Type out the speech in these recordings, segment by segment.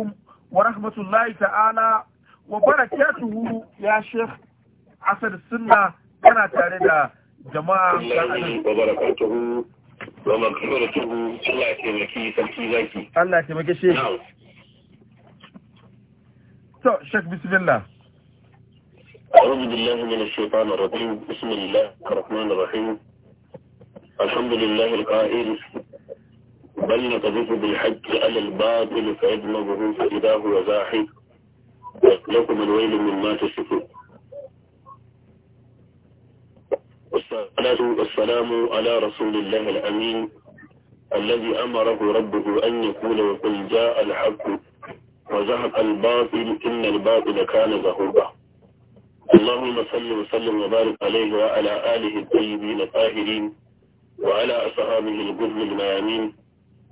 عليكم ورحمة الله تعالى وبركاته يا شيخ عصر السنة أنا تاردا جماعة وبركاته ومغفرته الله يتمكي تمكي ذاكي الله يتمكي شيخ نعم طيب، شيخ بسم الله أعوذ بالله من الشيطان الرجيم بسم الله الرحمن الرحيم الحمد لله القائل وبين تضيف بالحج على الباطل فيدمغه فإذا هو زاحف لكم الويل مما تصفون والصلاة والسلام على رسول الله الأمين الذي أمره ربه أن يقول وقل جاء الحق وزهق الباطل إن الباطل كان زهوبا اللهم صل وسلم وبارك عليه وعلى آله الطيبين الطاهرين وعلى أصحابه الجزء الميامين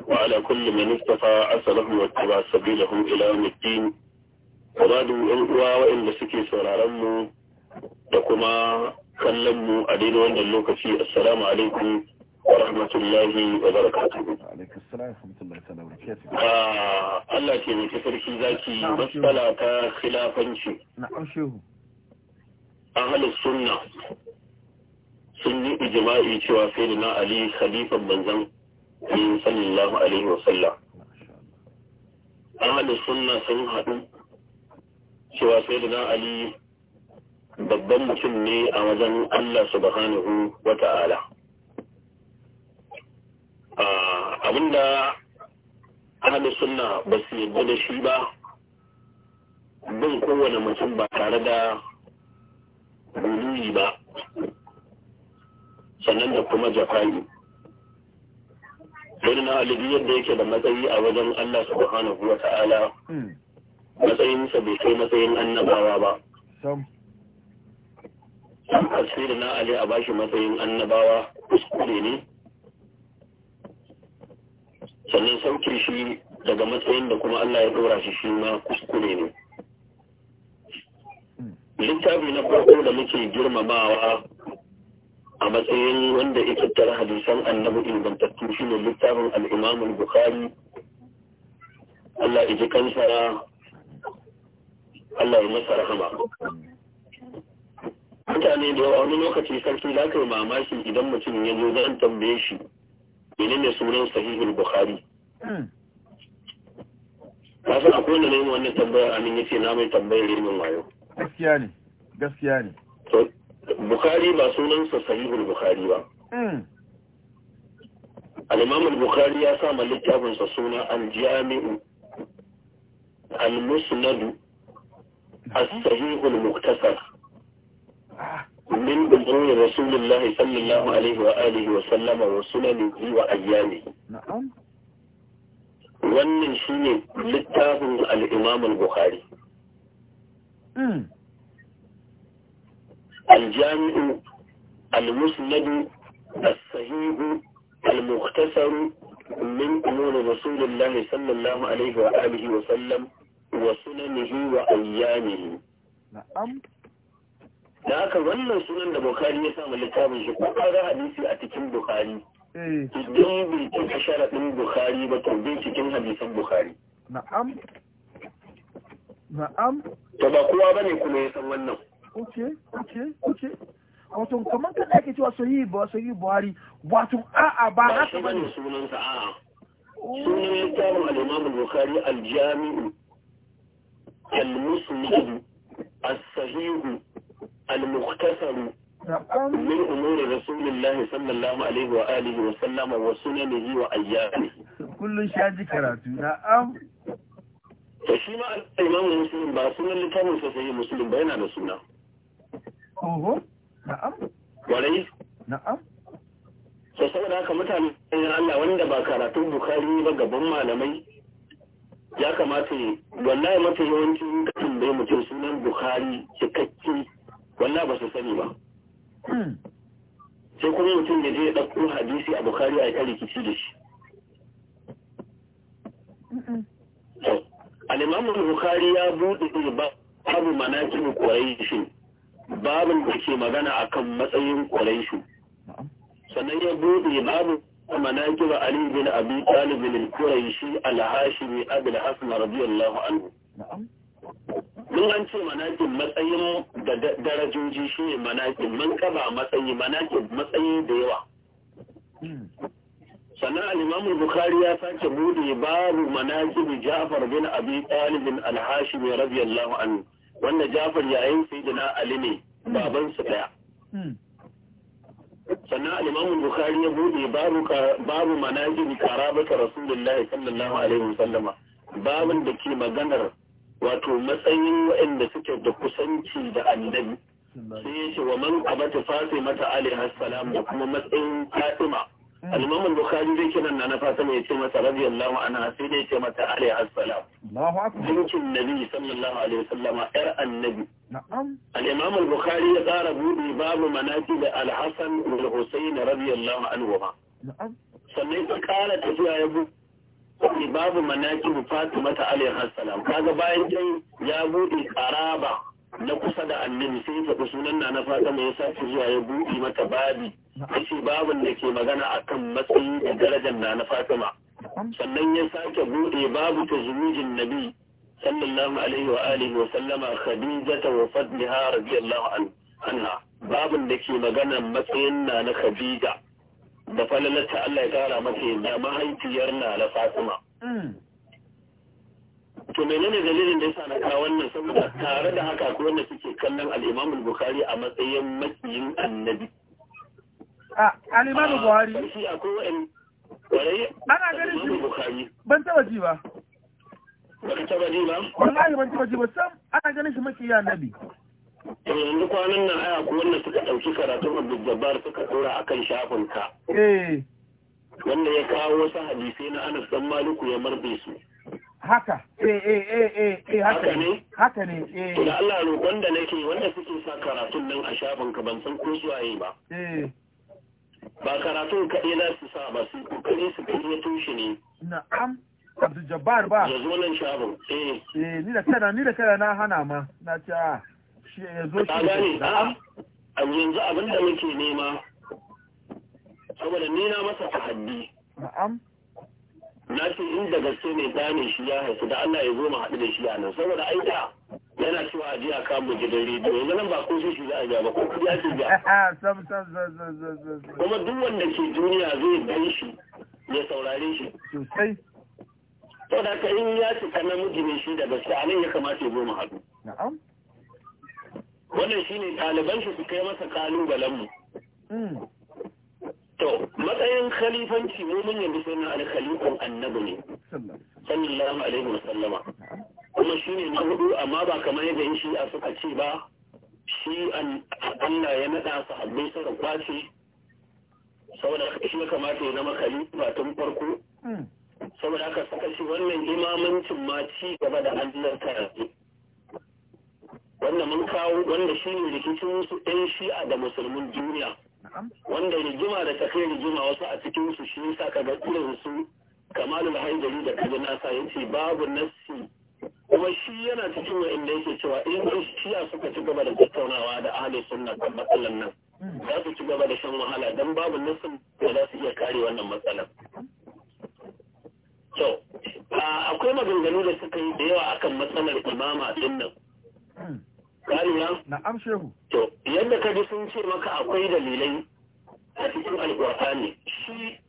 Ku ala kullum mai nufi fa a salarmu wa kiba sabida kuma ilawa mai ɗi. Kuma da ƴan uwa waɗanda suke sauraronmu da kuma kallon mu a daina wajen lokaci. As-salaam Wa rahmatullahi, baraka ta. Allah ce mu tafi sarki za ki matsala ta tilafan shi. A halin suna, sun yiɗi Ali, Habiba, Banza. sallallahu alaihi wasallam ahli sunna sun haɗu cewa sai da ali babban mutum ne a wajen Allah subhanahu wa ta'ala abinda ahli sunna ba su da shi ba bin kowane mutum ba tare da buluyi ba sannan da kuma jafa'i wani na yadda yake da matsayi a wajen Allah subhanahu wa ta'ala hmm. matsayinsa bai kai matsayin annabawa ba sam asiri na ali a bashi matsayin annabawa kuskure ne sannan sauke shi daga matsayin da kuma Allah ya dora shi shi ma kuskure ne hmm. littafi na farko da muke girmamawa a matsayin wanda ya tattara hadisan annabi ingantattu shi ne littafin al'imamun bukhari Allah ya ji kansa Allah ya masa rahama mutane da yawa wani lokaci sarki za ka yi mamaki idan mutum ya zo zan tambaye shi menene sunan sahihul bukhari hmm. ka san akwai wanda ne wannan tambayar amin ce na mai tambayar neman wayo gaskiya ne gaskiya ne Bukhari ba sunansa sahihul Bukhari ba. Hmm. Al'imamul Bukhari ya sama littafinsa suna al-jami'u, al-musnadu, as-sahihul muktasar. Min ɗumɗumin Rasulullah sallallahu Alaihi wa alihi wa sallama wa sunanihi wa ayyami. Wannan shi ne littafin al'imamul Bukhari. Hmm. الجامع المسند الصحيح المختصر من أمور رسول الله صلى الله عليه وآله وسلم وسننه وأيامه نعم da haka wannan sunan da Bukhari ya samu littafin shi ko ƙarar hadisi a cikin Bukhari idan bincika sharaɗin Bukhari ba to binciken hadisan bukari na'am na'am to ba kowa bane kuma ya san wannan ok ok ok wato kamar kan ake cewa sahihi ba sahihi buhari wato a'a ba haka bane sunan sa a'a sunan littafin al-imam al-bukhari al-jami'u al-muslim as-sahih al-mukhtasar من أمور رسول الله صلى الله karatu وآله وسلم وسننه وأيامه كل شيء ذكرته نعم ba الإمام المسلم باسم اللي كان ba yana da سنة Oho, na'am. Warai? Na'am. So saboda haka mutane Allah wanda ba karatun Bukhari ba gaban malamai ya kamata wallahi mafi yawancin kasan bai mutum sunan Bukhari cikakke wanda ba su sani ba. Hmm. Sai kuma mutum da zai ɗauko hadisi a Bukhari a yi rikici da shi. Al'imamun Bukhari ya buɗe ba babu manakin Quraish babin da ke magana a kan matsayin ƙwaraishu sannan ya buɗe babu مناكب علي بن أبي طالب القريشي الهاشمي أبي الحسن رضي الله عنه نعم mun an ce manakin matsayin da darajoji shi ne manakin manƙaba matsayi manakin matsayi da yawa hmm. sannan al'imamu Bukhari, ya sake buɗe babu manakin jafar bin abi talibin alhashimi radiyallahu anhu wanda jafar yayin sayyidina ali ne hmm. baban su daya hmm. sannan al-imamu bukhari ya bude babu babu manajin karabata rasulullahi sallallahu alaihi wasallama babin da ke maganar wato matsayin waɗanda suke da kusanci da annabi sai ya ce wa man abata fatima mata alaihi da kuma matsayin fatima Hmm. al-imam bukhari zai kiran na na fasa ne ya ce masa radiyallahu anha sai dai ya ce mata alaihi assalam Allahu nabi sallallahu alaihi wasallama yar annabi na'am al-imam bukhari ya tsara buɗe babu manaqib al-hasan wal husayn radiyallahu anhuma na'am sannan ya kara tafiya ya buɗe wani babu manakin fatima ta alayhi assalam kaga bayan dai ya buɗe karaba na kusa da annabi sai ya sunan ya sake zuwa ya mata shi babin da ke magana akan matsayi da darajar na na Fatima sannan ya sake bude babu tazwijin nabi sallallahu alaihi wa alihi wa sallama khadijata wa fadliha radiyallahu anha babin da ke magana matsayin na na khadija da falalata Allah ya kara mata yadda mahaifiyar na na Fatima to menene dalilin da yasa na kawo wannan saboda tare da haka ko wanda suke kallon al-Imam al-Bukhari a matsayin makiyin annabi alimanu buhari ana ganin shi ban taba ji ba ban taba ji ba ban taba ji ba sam ana ganin shi ya nabi yanzu kwanan nan aya ko wannan suka dauki karatun Abdul Jabbar suka dora akan shafin ka eh wanda ya kawo wasu hadisai na Anas dan Maliku ya marbe su haka eh eh eh eh, eh haka ne haka ne eh to Allah roƙon da nake wanda suke sa karatun nan a shafin ka ban san ko su ba eh ba karatun kaɗai za su sa ba su kokari su kaɗai tushe ne na'am Abdul Jabbar ba ya zo nan shagon eh eh ni da kana ni da kana na hana ma na ce a ah, shi ya zo shi ne na'am ah, a yanzu abin da muke nema saboda ni na masa tahaddi na'am na ce in da gaske ne gane shi ya haifu da Allah ya zo mu haɗu da shi a nan saboda ai da yana cewa a jiya a gidan rediyo yanzu nan ba ko shi shi za a ba ko kudi ake ja ah, kuma duk wanda ke duniya zai gan shi ya saurare shi sosai to da ka in ya ci ta namiji ne shi da gaske a nan ya kamata ya zo mu haɗu wannan shi ne ɗaliban shi su kai masa kalubalen mu hmm. to matsayin khalifanci mu mun yanzu sai na alkhalifan annabi ne sallallahu alaihi wa sallama kuma shine na hudu amma ba kamar yadda in shi a suka ce ba shi Allah ya naɗa su sahabbai suka kwace saboda shi ya kamata ya zama khalifa tun farko saboda haka suka ce wannan imamancin ma ci gaba da Allah karatu wannan mun kawo wanda shi ne rikicin su ɗan shi'a da musulmin duniya wanda rigima da kai rigima wasu a cikin su shi yasa kaga irin su kamalul haidari da kaga nasa yace babu nassi kuma shi yana cikin wa'inda yake cewa in shiya suka ci gaba da tattaunawa da ahalin sunna kan matsalan nan hmm. za su ci gaba da shan wahala don babu nassin da za su iya kare wannan matsalar. to akwai maganganu da suka yi da yawa akan matsalar imama din nan. Hmm. Na'am Shehu. To, yadda ka ji sun ce maka akwai dalilai a cikin alƙur'ani shi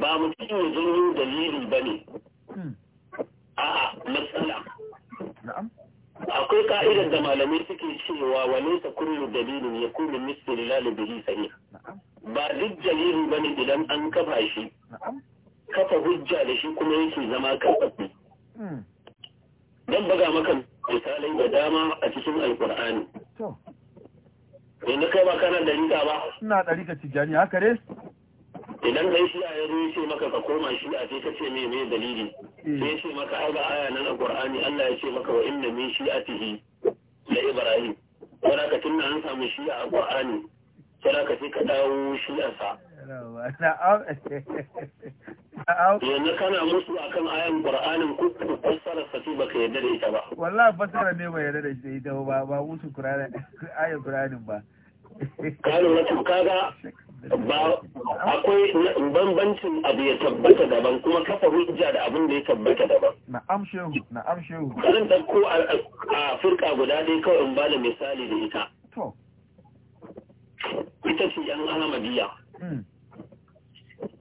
ba mutum ya janyo dalili ba ne. Hmm. A'a, matsala. Na'am. Akwai ka'idar da malamai suke cewa wa ta kullu dalilin ya kullu misali lalibihi sani. Ba duk dalilin ba ne idan an kafa shi. Kafa hujja da shi kuma yake zama karɓaɓɓe. Don hmm. baga maka misalai da dama a cikin alkur'ani yanzu kai ba kana dalika ba ina dalika tijani haka ne idan kai shi a yanzu ce maka ka koma shi a sai ka ce me mai dalili eh. sai ce maka ai ga aya nan Allah ya ce maka wa inna min shi'atihi la ibrahim wala ka tunna an samu shi a alkur'ani sai ka ce ka dawo shi a sa yanzu kana musu akan ayan qur'anin ku fassara sati baka yarda da ita ba wallahi fassara ne bai yarda da ita ba ba musu qur'ani ayan qur'anin ba Kano na to kaga ba akwai bambancin abu ya tabbata daban kuma kafa hujja da abin da ya tabbata daban na'am shehu na'am shehu zan dauko a furka guda dai kawai in bada misali da ita to ita ce yan ahmadiyya hmm.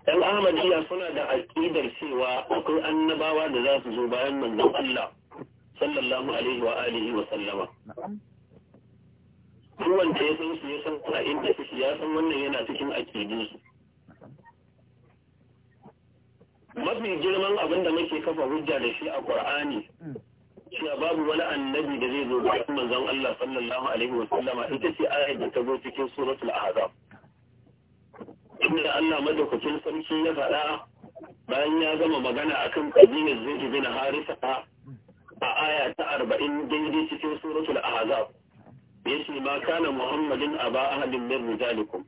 ɗan ahmadiyya suna da aƙidar cewa akwai annabawa da za su zo bayan manzon Allah sallallahu alaihi wa alihi wa sallama duk ya san su ya san a inda suke ya san wannan yana cikin aƙidinsu. mafi girman abin da muke kafa hujja da shi a Qur'ani hmm. cewa babu wani annabi da zai zo bayan manzon Allah sallallahu alaihi wa sallama ita ce ayat da ta zo cikin suratul ahzab inda Allah madaukakin sarki ya faɗa bayan ya gama magana akan kabilar zai bin harisa a aya ta arba'in daidai cikin suratul ahzab yace ma kana muhammadin aba ahadin min rijalikum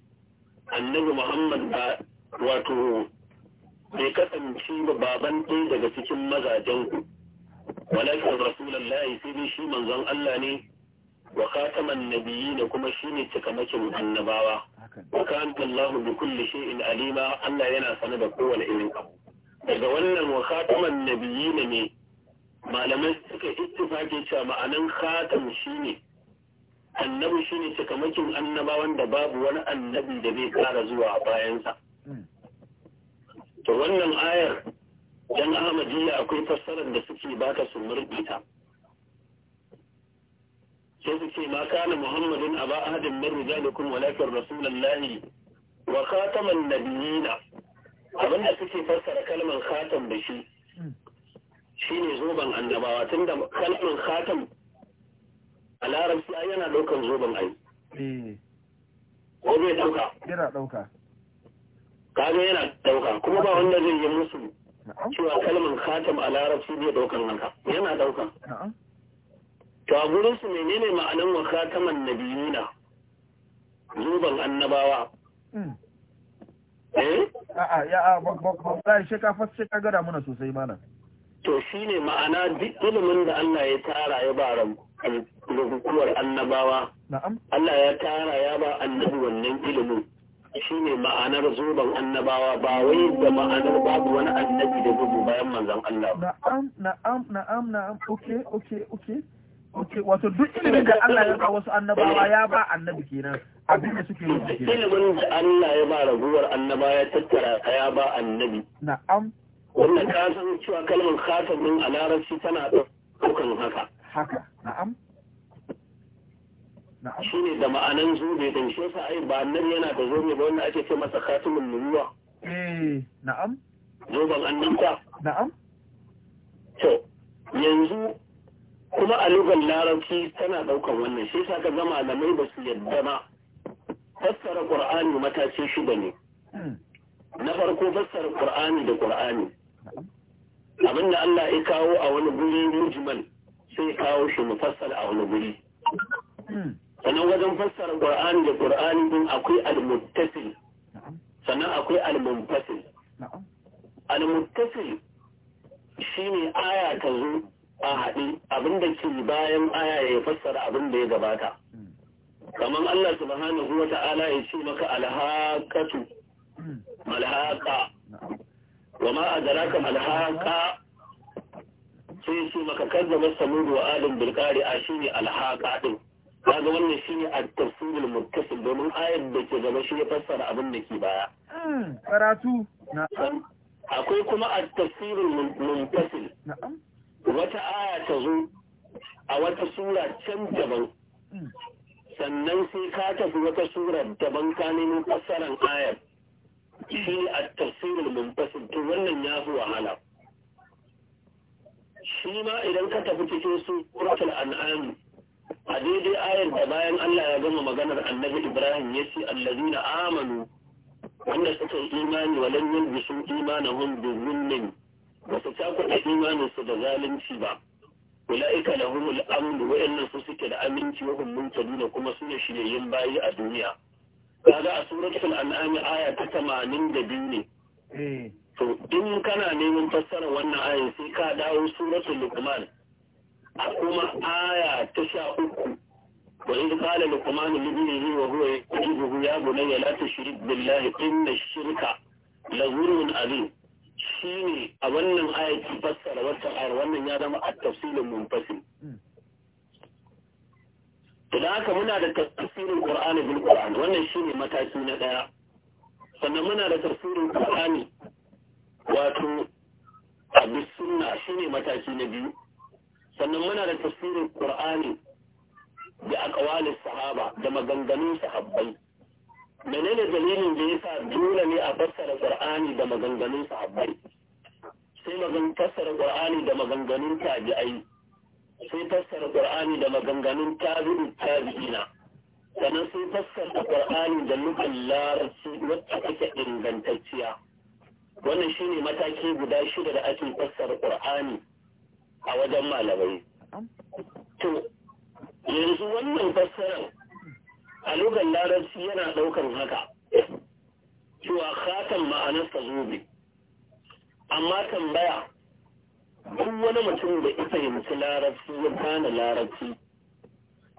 annabi muhammad ba wato bai kasance baban ɗaya daga cikin mazajen ku walakin rasulullahi sai dai shi manzon Allah ne wa khataman nabiyyi da kuma shine cikamakin annabawa wa kana Allahu bi kulli shay'in alima Allah yana sanar da kowane irin abu daga wannan wa khataman nabiyyin ne malamai suka ittifaki cewa ma'anan khatam shine annabi shine cikamakin annabawan da babu wani annabi da bai kara zuwa bayansa hmm. to wannan ayar dan Ahmadiyya akwai fassarar da suke baka su murɗita sai su ce ma kana muhammadin aba ahadin min rijalikum walakin rasulullahi wa khataman nabiyina abinda suke fassara kalmar khatam da shi shine zoban annabawa tunda kalmar khatam a larabci ai yana daukar zoban ai eh. ko bai dauka yana dauka kaga yana dauka kuma ba wanda zai yi musu cewa kalmar khatam a larabci ne daukan haka yana dauka to a gurin su menene ma'anan wa khataman nabiyuna zuban annabawa hmm. eh a'a ya a ba shi ka fasse ka gada mana sosai mana to shine ma'ana duk ilimin da Allah ya tara ya ba ran hukumar annabawa na'am Allah ya tara ya ba annabi wannan ilimin ne ma'anar zuban annabawa ba wai da ma'anar babu wani annabi da zubu bayan manzan Allah na'am na'am na'am na'am okay okay okay wato duk ilimin da Allah ya ba wasu annabawa ya ba annabi kenan abin da suke yi kenan ilimin da Allah ya ba raguwar annaba ya tattara ya ba annabi na'am wannan ka san cewa kalmar khatamin a larabci tana daukan haka haka na'am na'am shine da ma'anan zobe din shi yasa ai ba annabi yana da zobe ba wanda ake ce masa khatamin nubuwa eh na'am zoban annabta na'am to yanzu kuma a lugar larabci tana ɗaukar wannan shi sa ka da malamai ba su yadda ba fassara qur'ani matashi shida ne na farko fassara qur'ani da qur'ani abinda Allah ya kawo a wani guri mujmal sai ya kawo shi mufassal a wani guri sannan wajen fassara qur'ani da qur'ani din akwai al-muttasil sannan akwai al-munfasil al-muttasil shine aya ta zo a haɗe abin da ke bayan aya ya fassara abin da ya gabata kamar Allah subhanahu wa ta'ala ya ce maka alhaqatu malhaqa wa ma adraka malhaqa sai ya ce maka kazzaba samud wa adam bil qari a shine alhaqa din kaga wannan shine a tafsirin muttasil domin ayar da ke gaba shi ya fassara abin da ke baya hmm, karatu akwai kuma a tafsirin muttasil na'am wata aya ta zo a wata sura can daban sannan sai ka tafi wata sura daban ka nemo fassaran ayar shi a tafsirin mumfasin to wannan ya fi wahala shi ma idan ka tafi cikin su suratul an'am a daidai ayar da bayan Allah ya gama maganar annabi Ibrahim ya ce allazina amanu wanda suka imani walan yalbisu imanahum bi zulmin ba su takwata imaninsu da zalunci ba ula'ika hulul amn wa'annan su suke da aminci wa hulun kuma su ne shiryayyen bayi a duniya kaga a suratul an'am aya ta tamanin da biyu ne eh. to in kana neman fassara wannan ayin sai ka dawo suratul luqman a kuma aya ta sha uku wa in qala luqman libnihi wa huwa yaqudu ya bunayya la tushrik billahi inna ash-shirka la zulmun azim shi ne a wannan ayar ki fassara wannan ayar wannan ya zama a tafsirin munfasil idan haka muna da tafsirin Qur'ani bil Qur'an wannan shi ne mataki na ɗaya. sannan muna da tafsirin Qur'ani wato a sunna ne mataki na biyu sannan muna da tafsirin Qur'ani da aqwalis sahaba da maganganun sahabbai menene dalilin da yasa dole ne a fassara qur'ani da maganganun sahabbai sai magan fassara qur'ani da maganganun tabi'ai sai fassara qur'ani da maganganun tabi'u tabi'ina sannan sai fassara qur'ani da lugan larabci wacce take ingantacciya wannan shine mataki guda shida da ake fassara qur'ani a wajen malamai to yanzu wannan fassarar a lugar larabci yana ɗaukar haka cewa khatan ma'anarsa zobe amma tambaya duk wani mutum da ya fahimci larabci ya kana larabci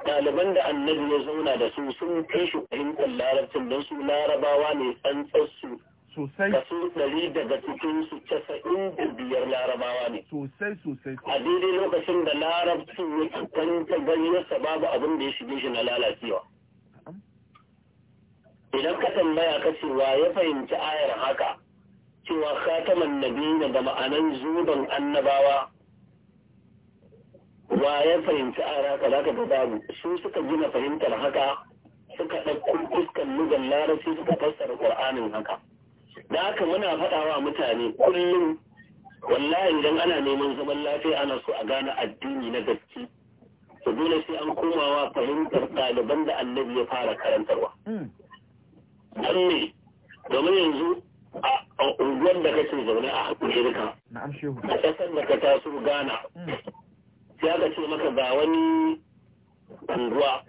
ɗaliban da annabi ya zauna da su sun kai shi fahimtar larabcin don su larabawa ne tsantsarsu sosai kaso ɗari daga cikin su casa'in da biyar larabawa ne sosai sosai a daidai lokacin da larabcin ya kanta gani babu abin da ya shige shi na lalacewa idan ka tambaya ka ce wa ya fahimci ayar haka cewa khataman nabiyina da ma'anan zuban annabawa wa ya fahimci ayar haka za ka babu su suka gina fahimtar haka suka ɗauko fuskan lugan larabci suka fassara ƙur'anin haka da haka muna faɗawa mutane kullum wallahi idan ana neman zaman lafiya ana so a gane addini na gaske to dole sai an komawa fahimtar ɗaliban da annabi ya fara karantarwa hmm. don ne domin yanzu a unguwar da kake zaune a amurka a ƙasar da ka taso Ghana ya mm. ka ce maka ga wani unguwa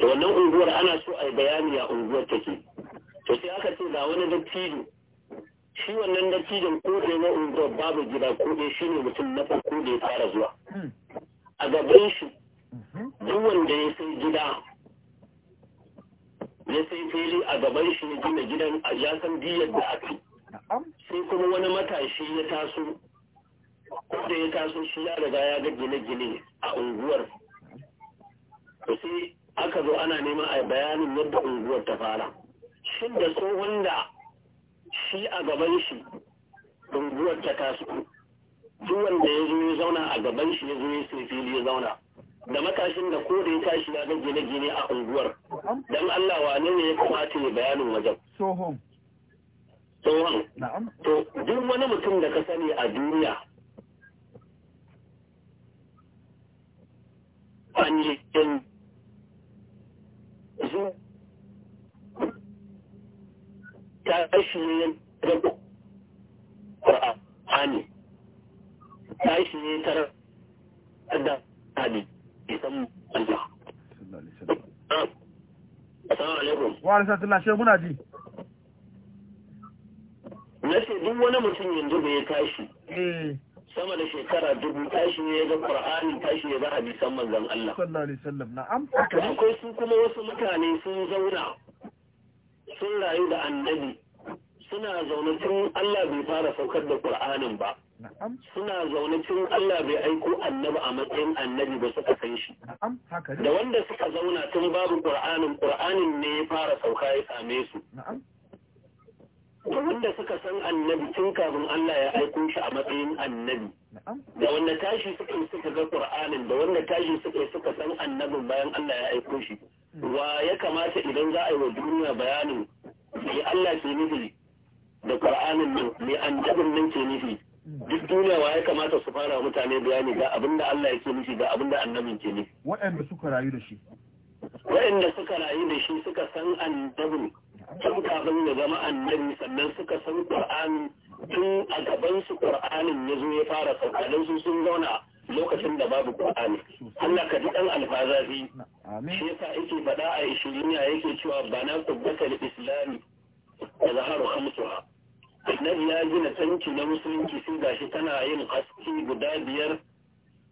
to wannan unguwar ana so a yi bayani a unguwar take to sai aka ce ga wani dattijo shi wannan dattijon ko da yawa unguwar babu gida ko da shi ne mutum na farko da ya fara zuwa mm. a gaban shi mm-hmm. duk wanda ya sai gida ya sai fili a gaban shi ya gina gidan a yasan diyar da aka sai kuma wani matashi ya taso ko da ya taso shi ya riga ya ga gine-gine a unguwar to sai aka zo ana neman a bayanin yadda unguwar ta fara shin da tsohon da shi a gaban shi unguwar ta taso duk wanda ya zo ya zauna a gaban shi ya zo ya sai fili ya zauna da matashin da ko da ya tashi na gine-gine a unguwar don Allah wa ne ya kamata ya bayanin wajen tsohon tsohon to duk wani mutum da ka sani a duniya an yi zu ta tashi ne da ƙwa'a ne tashi ne tara da hadisi isan Allah. Assalamu muna ji. Na ce duk wani mutum yanzu da ya tashi. Eh. Sama da shekara dubu tashi ya ga Qur'ani tashi ya ga hadisan manzon Allah. Sallallahu alaihi wasallam na'am. su kuma wasu mutane sun zauna sun rayu da annabi suna zaune tun Allah bai fara saukar da Qur'anin ba. suna zaune tun Allah bai aiko annabi a matsayin annabi ba suka san shi da wanda suka zauna tun babu qur'anin qur'anin ne ya fara sauka ya same su da wanda suka san annabi tun kafin Allah ya aiko shi a matsayin annabi da wanda tashi suka suka ga qur'anin da wanda tashi suka suka san annabin bayan Allah ya aiko shi hmm. wa ya kamata idan za a yi wa duniya bayanin me Allah ke nufi da qur'anin nan me annabin nan ke nufi duk duniya wa ya kamata su fara mutane bayani ga abinda Allah yake nufi ga abinda annabin ke nufi waɗanda suka rayu da shi waɗanda suka rayu da shi suka san annabin tun kafin ya zama annabi sannan suka san Qur'ani tun a gaban su Qur'anin ya zo ya fara saukalin su sun zauna lokacin da babu Qur'ani Allah ka ji dan alfazafi shi yasa yake faɗa a 20 yake cewa bana kubbatal islami ya zaharu khamsuha annabi ya gina tanki na musulunci sun gashi tana yin haske guda biyar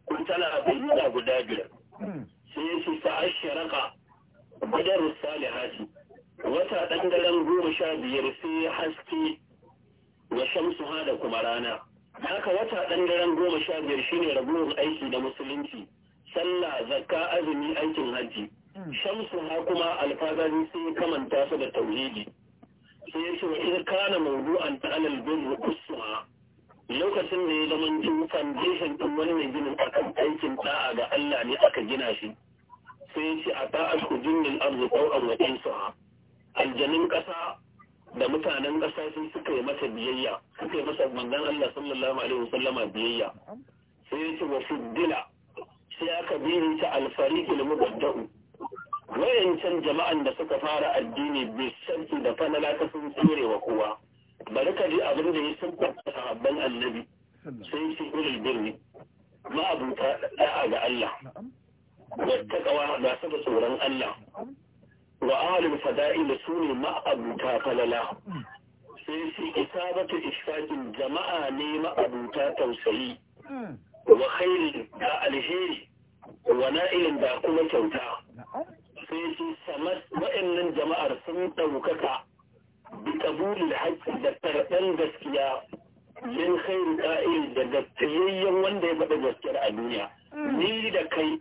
kuma tana bayyana guda biyar sai ya ce ta ashiraka badar haji wata dangaren goma sha biyar sai haske wa shamsu ha da kuma rana haka wata dangaren goma sha biyar shine ragowar aiki na musulunci sallah zakka azumi aikin hajji hmm. shamsu ha kuma alfazari sai kamanta su da tauhidi sai ya ce in kana mawdu'an ta alal bin kusuha lokacin da ya zama cin foundation din wani mai ginin akan aikin ta'a ga Allah ne aka gina shi sai shi ce a ta'at kujunnil ardu qaw'an wa insuha aljanin kasa da mutanen ƙasa sun suka yi masa biyayya suka yi masa manzon Allah sallallahu alaihi wasallama biyayya sai ya ce wa fuddila sai aka birinta alfariki da mubadda'u wayancan jama'an da suka fara addini bisanti da fanala ta sun tsere wa kowa bari ka ji abin da ya sabbata sahabban annabi sai shi ulul birni ma'abuta da'a ga Allah wata kawa ga su tsoron Allah wa ahalul fada'il su ne ma'abuta falala sai shi isabatu ishfaqin jama'a ne abuta tausayi wa khairin da alheri wa na'ilin da kuma kyauta sai shi kamar wa'annan jama'ar sun ɗaukaka bi kabulil haƙƙi da karɓen gaskiya min khairu qa'il da gaskiyayyen wanda ya faɗa gaskiyar a duniya ni da kai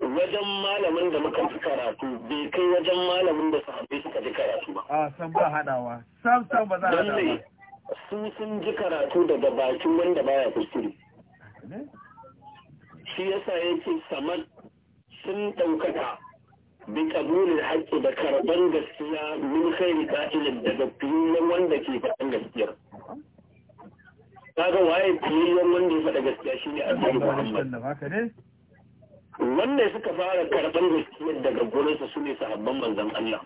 wajen malamin da muka fi karatu bai kai wajen malamin da sahabbai suka ji karatu ba a san ba hadawa sam sam ba za a hadawa su sun ji karatu daga bakin wanda baya kuskure shi yasa yake samar sun ɗaukaka bi kabulin haƙƙi da karɓar gaskiya min khairi qatilin daga fiyayyen wanda ke faɗan gaskiyar kaga waye fiyayyen wanda ya da gaskiya shine annabi Muhammad wanda suka fara karɓar gaskiya daga gurinsa su ne sahabban manzon Allah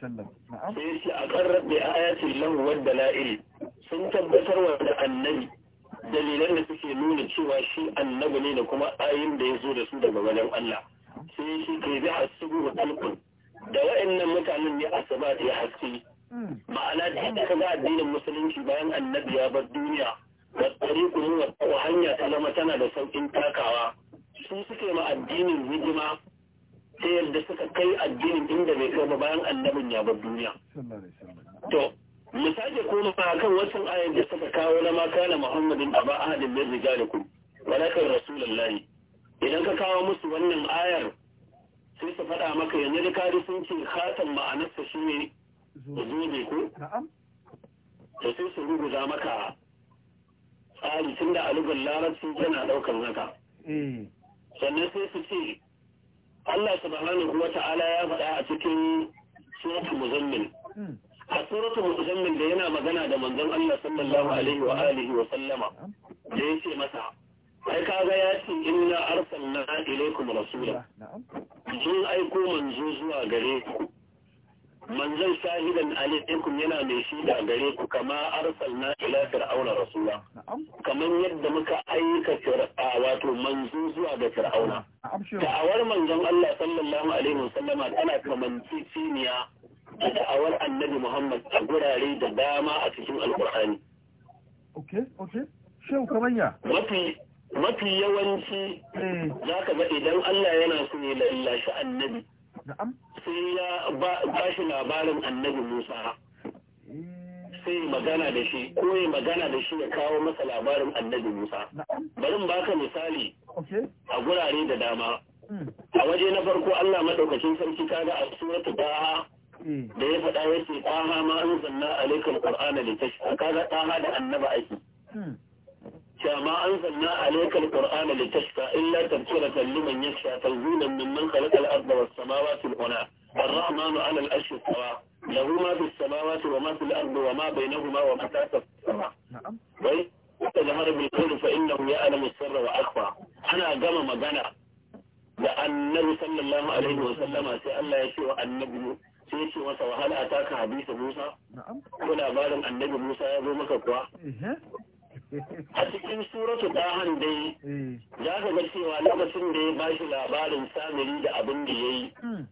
sai shi a karrabe ayatin lahu wadda la'il sun tabbatar wa da annabi dalilan da suke nuna cewa shi annabi ne da kuma ayin da ya zo da su daga wajen Allah sai shi ke bi hasubu alkun da wa'annan mutanen ne a asaba ya haske ma'ana da ka ga addinin musulunci bayan annabi ya bar duniya da tsari kuma wa hanya ta zama tana da saukin takawa su suke ma addinin hijima ta yadda suka kai addinin inda bai kai ba bayan annabin ya bar duniya to mu misali a kan wasan ayan da suka kawo na makana muhammadin a da ahadin min rijalikum walakin rasulullahi idan ka kawo musu wannan ayar sai su faɗa maka yanzu da kari sun ce khatan ma'anarsa shi ne zobe ko da sai su rubuta maka tsari tun da alugar larabci yana ɗaukan haka eh. sannan sai su ce Allah subhanahu wa ta'ala ya faɗa a cikin suratul muzammil hmm. a suratul muzammil da yana magana da manzon Allah sallallahu alaihi wa alihi wa sallama da yake masa ai ga ya ce inna na ilaykum rasula sun aiko manzo zuwa gare ku manzon shahidan alaikum yana mai shida gare ku kama arsalna ila fir'auna rasula kamar yadda muka aika fir'a wato manzo zuwa ga fir'auna da'awar manzon Allah sallallahu alaihi wasallama tana kamanci ciniya da da'awar annabi Muhammad a gurare da dama a cikin alqur'ani okay okay shehu kamanya mafi mafi yawanci hmm. za ka ga idan Allah yana so ya lallashi annabi sai ya ba shi labarin annabi Musa sai magana da shi ko ya magana da shi ya kawo masa labarin annabi Musa bari in baka misali a gurare da dama hmm. a waje na farko Allah madaukakin sarki kaga a suratu Taha hmm. da ya faɗa yace Taha ma anzalna alaikal qur'ana litashqa kaga Taha da annaba ake كما أنزلنا عليك القرآن لتشفى إلا تذكرة لمن يشفى تنزيلا ممن خلق الأرض والسماوات العلى الرحمن على الأشهر السواء له ما في السماوات وما في الأرض وما بينهما وما تحت السماء نعم وتجهر بالقول فإنه يعلم السر وأخفى أنا جمع مجانا لأن صلى الله عليه وسلم سأل الله يشوى النبي sai ce masa wahala a taka hadisa Musa ko labarin annabi Musa ya zo maka kuwa a cikin suratu ta dai eh. za ka ga cewa lokacin da ya ba shi labarin samiri da abin da ya yi hmm.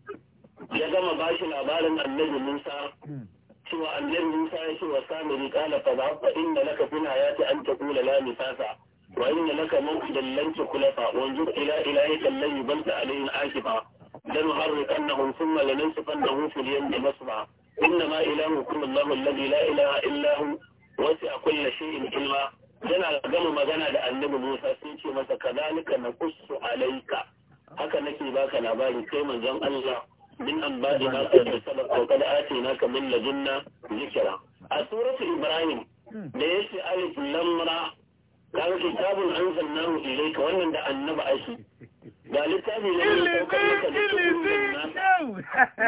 ya gama ba shi labarin annabi musa hmm. cewa annabi musa ya ce wa samiri kala fa za ka inda laka fi hayati an ta kula la misasa wa inda laka mawqidan lan tukulafa wanzur ila ilahika alladhi banta alayhi akifa لنحرقنهم ثم لننسفنه في اليم نصبا انما الهكم الله الذي لا اله الا هو وسع كل شيء علما yana gama magana da annabi Musa sun ce masa kazalika na kusu alaika haka nake baka labari kai manzon Allah min ambadi ma qad sabaq wa qad atinaka min ladunna a suratul ibrahim da yace alif lam ra kaga kitabun anzalnahu ilayka wannan da annabi ashi ba littafi ne ne ko kan ka da shi ne ne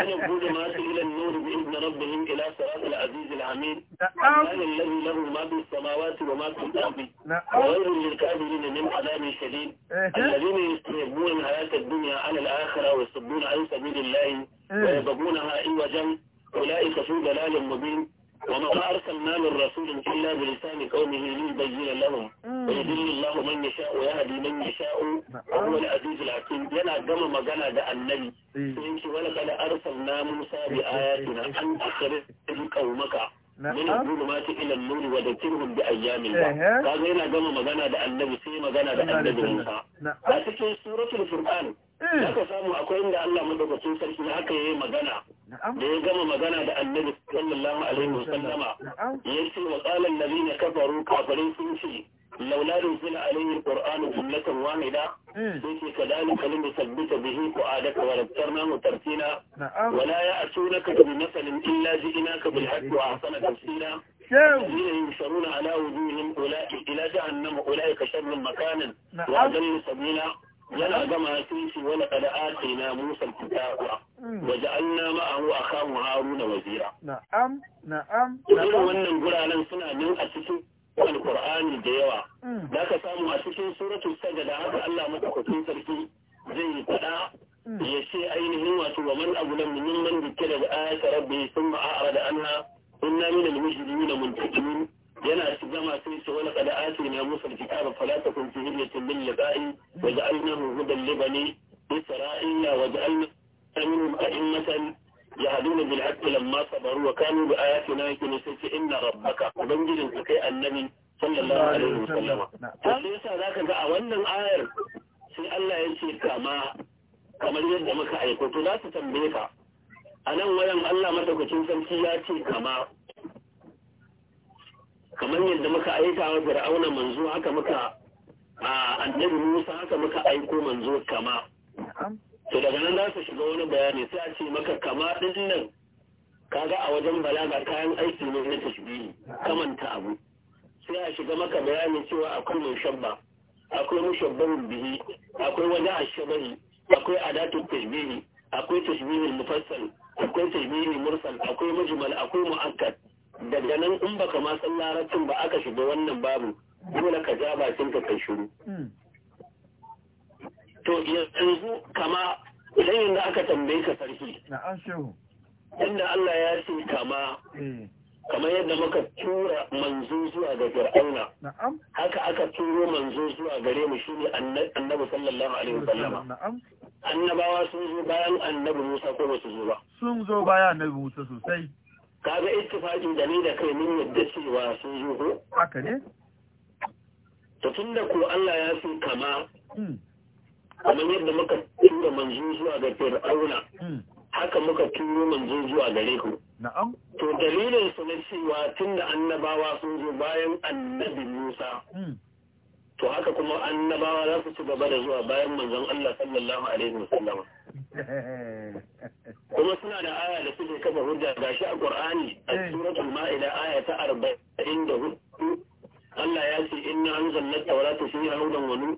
ne bude ma shi ne nuru bi inna rabbihim ila sirati aziz al amin alladhi lahu ma bi samawati wa ma fi al-ardi wa lil kafirin min adhabin shadid alladhina yastabun hayat ad-dunya ala al-akhirah wa yasudduna an sabilillah wa yabghunaha iwajan ulai ka fi dalalin mubin وما أرسلنا من رسول إلا بلسان قومه ليبين لهم ويدل الله من يشاء ويهدي من يشاء وهو العزيز الحكيم ينا جمع مجانا ده النبي سينشي ولقد أرسلنا موسى بآياتنا أن أخرج قومك من الظلمات إلى النور وذكرهم بأيام الله قال ينا جمع مجانا ده النبي سي مجانا ده النبي موسى لكن سورة الفرقان Mm. ka samu akwai inda Allah madaukakin sarki aka haka yi magana. Da ya gama magana da Annabi sallallahu alaihi sallama. Ya ce wa Nabi allazina kafaru kafarin sun ce laula rusila alaihi alqur'anu jumlatan wahida. Mm. Sun ce kadalika da yusabbita bihi qu'adaka wa rattarnahu tartina. Wa la ya'tunaka bi masalin illa ji'naka bil haqqi wa ahsana tafsira. الذين ينشرون على وجوههم أولئك إلى جهنم أولئك شر مكانا وأضل سبيلا yana gama sai shi wala kada atina musa kitaba hmm. wa kamun ma'ahu akahu haruna wazira na'am na'am irin wannan guranan suna nan a cikin alqur'ani da yawa hmm. zaka samu a cikin saga da haka Allah madaukakin sarki zai faɗa. Hmm. ya ce ainihin wato wa man abu lam mimman dukkan da ayatu rabbi thumma a'rada anha inna minal mujrimina muntaqimin yana ci gama sai ce wani kada na musa kitaba fala takun fi hidyatin min ne wa ja'alnahu hudan li bani isra'ila wa ja'alna minhum a'immatan yahduna bil haqqi lamma sabaru wa kanu bi ayatina yakunu sai inna rabbaka ubangijin ka kai annabi sallallahu alaihi wa sallam to sai yasa zaka ga a wannan ayar sai Allah ya ce kama kamar yadda muka aiko to za su tambaye ka a nan wayan Allah madaukakin sarki ya ce kama kamar yadda muka aika wa fir'auna manzo haka muka a annabi Musa haka muka aiko manzo kama to daga nan za su shiga wani bayani sai a ce maka kama din nan kaga a wajen balaga kayan aiki ne na tashbihi kamanta abu sai a shiga maka bayani cewa akwai mushabba akwai mushabban bihi akwai waje ashabari akwai adatu tashbihi akwai tashbihi mufassal akwai tashbihi mursal akwai mujmal akwai mu'akkad daga nan in baka ma san larabcin ba aka shiga wannan babu dole ka ja bakin ka kai shiru hmm. to yanzu kama idan yanzu aka tambaye ka sarki inda Allah ya ce kama eh. kamar yadda muka tura manzo zuwa ga fir'auna haka aka turo manzo zuwa gare mu shine annabi sallallahu alaihi wasallama annabawa sun zo bayan annabi Musa ko ba su zo ba sun zo bayan annabi Musa sosai kaga ittifaki da ni da kai mun yadda cewa sun yi ko haka ne to tunda ko Allah ya san kama hmm. kamar yadda muka tura manzo zuwa ga Fir'auna hmm. haka muka turo manzo zuwa gare ku na'am to dalilin su na cewa tunda annabawa sun zo bayan annabi Musa hmm. to haka kuma annabawa za su ci gaba da zuwa bayan manzon Allah sallallahu alaihi wasallam kuma suna da aya da suke kafa hujja gashi a Qur'ani a eh. suratul Ma'ida aya ta 44 Allah ya ce inna anzalna tawrata fiha hudan wa nur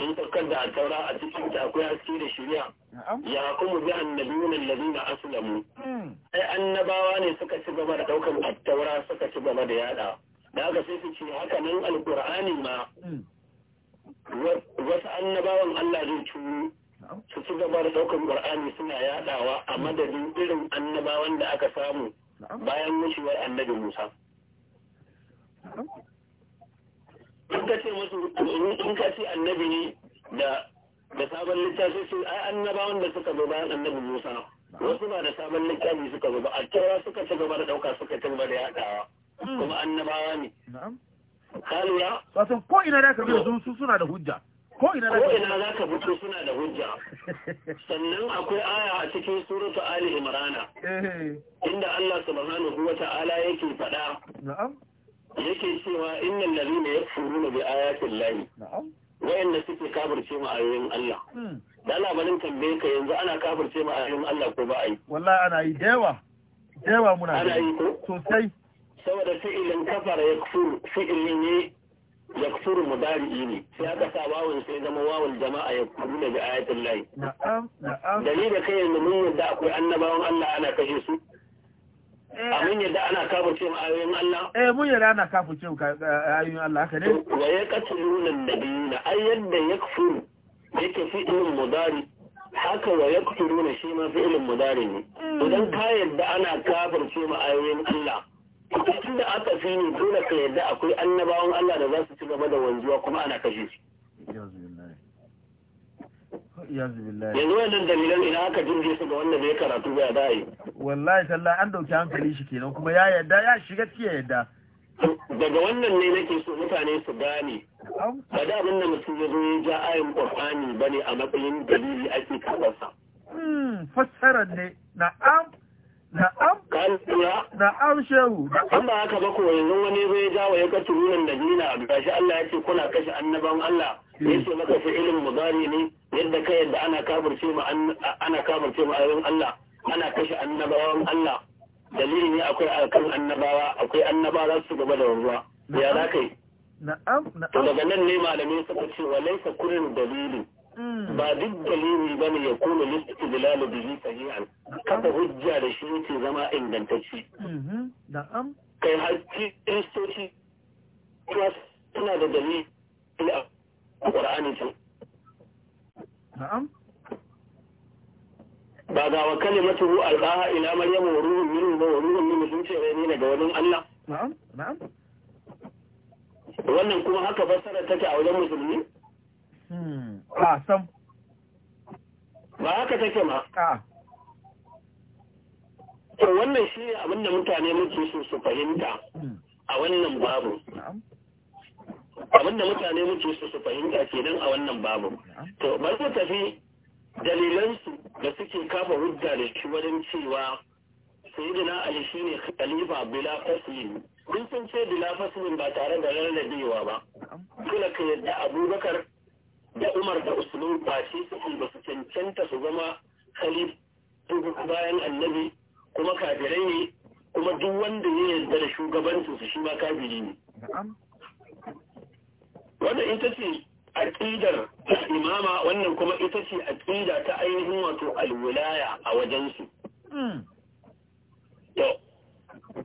in saukar da taura a cikin ta akwai haske da shari'a ya kuma bi annabiyuna alladhina aslamu hmm. ai annabawa ne suka ci gaba da ɗaukar at-taura suka ci gaba da yada daga sai su ce haka nan alkur'ani ma hmm. wasu annabawan Allah zai turu su ci gaba da ɗaukar ƙur'ani suna yaɗawa a hmm. madadin irin annabawan da aka samu bayan wucewar annabi Musa. In ka ce musu in ka ce annabi ne da da sabon littafi su ai annabawan da suka zo bayan annabi Musa wasu ba da sabon littafi suka zo ba a cewa suka ci gaba da ɗauka suka ci gaba da yaɗawa. Mm. kuma annabawa ne kaluwa wato ko ina da ka biyo su suna da hujja ko ina da za ka fito suna da hujja sannan akwai aya a cikin suratu ali imrana eh. inda Allah subhanahu wata'ala yake faɗa na'am yake cewa innal ladina yakfuruna bi ayati llahi na'am wayanda suke kafirce mu ayoyin Allah hmm. da Allah barin tambaye ka yanzu ana kafirce mu ayoyin Allah ko ba a yi wallahi ana yi da yawa da yawa muna ana yi ko sosai saboda fi'ilin kafara ya kufuru fi'ilin ne ya kufuru mudari'i ne sai aka sa wawun sai zama wawun jama'a ya kufuru daga ayatul lahi dalili kai yanzu mun yadda akwai annabawan Allah ana kashe su eh. a mun yadda ana kafa cewa ayoyin Allah eh mun yadda ana kafa cewa ayoyin Allah haka ne wa ya da nabiyina ay yadda ya kufuru yake fi'ilin mudari haka wa ya kufuru ne shi ma fi'ilin mudari ne hmm. idan ka yadda ana kafirce cewa ayoyin Allah tun da aka fi ne dole ka yadda akwai annabawan Allah da za su ci gaba da wanzuwa kuma ana kashe su yanzu wannan dalilan ina aka jirge su ga wanda bai karatu ba ya dai wallahi sallah an dauki hankali shi kenan kuma ya yadda ya shiga ciki ya yadda daga wannan ne nake so mutane su gane ba da abin da mutum ya zo ya ja ayin qur'ani bane a matsayin dalili ake karɓarsa fassarar ne na'am Na'am. an shehu. An ba haka ba ko yanzu wani zai ja wa ya ga turunan da ga shi Allah ya ce kuna kashe annaban Allah. Ya hmm. ce maka fi'ilin mudari ne yadda ka yadda ana kafirce mu ana kafirce mu ayoyin Allah ana kashe annabawan Allah. Dalili ne akwai alkan annabawa akwai annaba za su gaba da ruwa. Ya za ka yi. Na'am na'am. To daga nan ne malamai suka ce wa laisa kullun dalili. Hmm. ba duk dalili ba ne ya kuma listi bilalu bihi sahihan kafa hmm. hujja da shi yake zama ingantacci mhm. kai haƙƙi kristoci kuma suna da dalili a ƙwar'ani ce ba ga wa kalimatu ru al'aha ila maryam wa ruhun minhu ba wa ruhun minhu sun ce ne daga wajen Allah wannan kuma haka fassara take a wajen musulmi Hmm. a ah, sam ba haka take ma a ah. to wannan shi abin da mutane muke so su fahimta hmm. a wannan babu abinda mutane muke so su fahimta kenan a wannan babu to bari mu tafi dalilansu da suke kafa hujja da shi wajen cewa sayyidina ali shine khalifa bila faslin Mun sun ce bila faslin ba tare da rarrabewa ba kula ka yadda abubakar da umar da usman ba shi ba su cancanta su zama khalif bayan annabi kuma kafirai ne kuma duk wanda ya yarda da shugabancin su shi ma kafiri ne wannan ita ce aqidar imama wannan kuma ita ce aqida ta ainihin wato alwilaya a wajen su hmm. to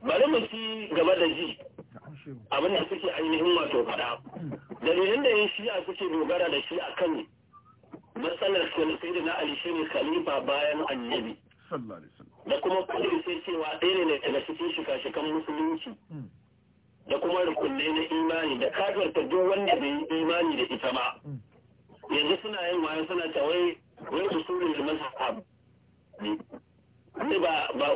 bari mu ci gaba da ji abin da suke ainihin wato faɗa dalilin da yin shi'a suke dogara da shi akan matsalar sai da na ali ne khalifa bayan annabi da kuma kudin sai cewa ɗaya ne daga cikin shika-shikan musulunci hmm. da kuma rukunne na imani da ta duk wanda bai yi imani da ita ba hmm. yanzu suna yin wayan suna ta wai wai usulul mazhab ne ba ba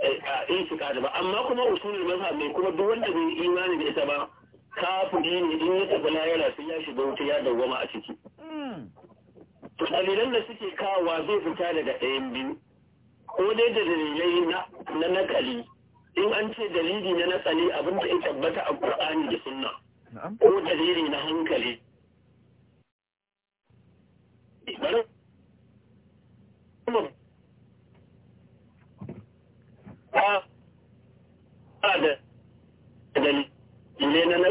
ba amma kuma usulul mazhab ne kuma duk wanda bai imani da ita ba kafiri ne in ya tafi yana sun ya shiga wuta ya dawwama a ciki hmm. to dalilan da suke kawowa zai fita daga ɗayan biyu ko dai da dalilai na nakali in an ce dalili na nakali abin da ya tabbata a qur'ani da sunna ko dalili na hankali bari ba da dalilai na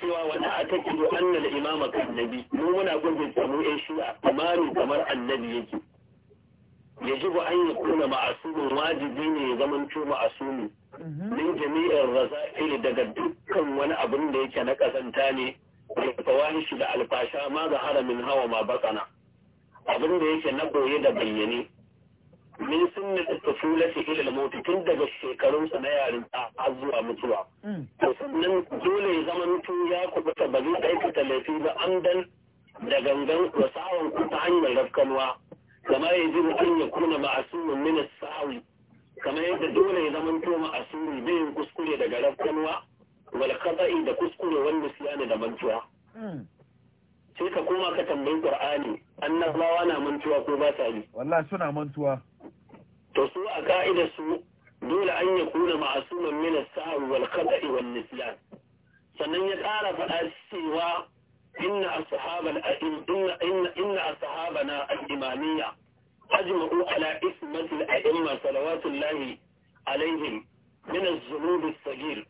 cewa wani aka kiro annal imama kan nabi mu muna gwajin samu yan shi'a kamaru kamar annabi yake yajibu an yi kuna ma'asumin wajibi ne ya zamanto ma'asumi mhm. min jami'in raza'ili daga dukkan wani abin da yake na kazanta ne da shi da alfasha ma ga haramin hawa ma bakana abin da yake na boye da bayyane min sun sunnatul shi ila lamoti tun daga shekarunsa na yarin a zuwa mutuwa hmm. to sannan dole ya zama mutum ya kubuta ba zai aikata laifi ba an dan da gangan wasawan ku ta hanyar rafkanwa kama ya ji mutum ya kuna ma'asumin min sa'awi. kama yadda dole ya zama to ma'asumi bai kuskure daga rafkanwa wal da kuskure wanda siyana da mantuwa hmm. sai ka koma ka tambayi qur'ani annabawa na mantuwa ko ba sa yi wallahi suna mantuwa to su a ka'idar su dole an ya kuna ma'asuman min as-sa'i wal khata'i wal nisyan sannan ya ƙara faɗa cewa inna ashabal inna inna inna ashabana al-imamiyya ajma'u ala ismati al-a'imma salawatullahi alaihim min az-zunub as-saghir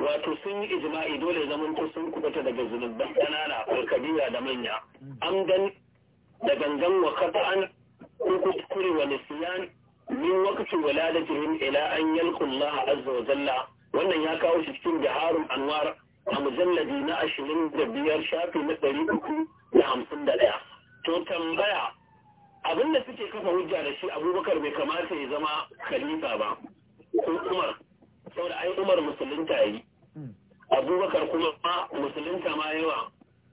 wato sun yi ijma'i dole zamanto sun kubata daga zunubban ƙanana alkabiya da manya an gan da gangan wa an ko kuskure wa nisiyan min wakati waladatihim ila an yalqullah azza wa jalla wannan ya kawo shi cikin jaharun anwar a mujalladi na ashirin da biyar shafi na ɗari uku da hamsin da ɗaya to tambaya abin da suke kafa hujja da shi abubakar bai kamata ya zama khalifa ba ko umar saboda ai umar musulunta yi abubakar kuma ma musulunta ma yawa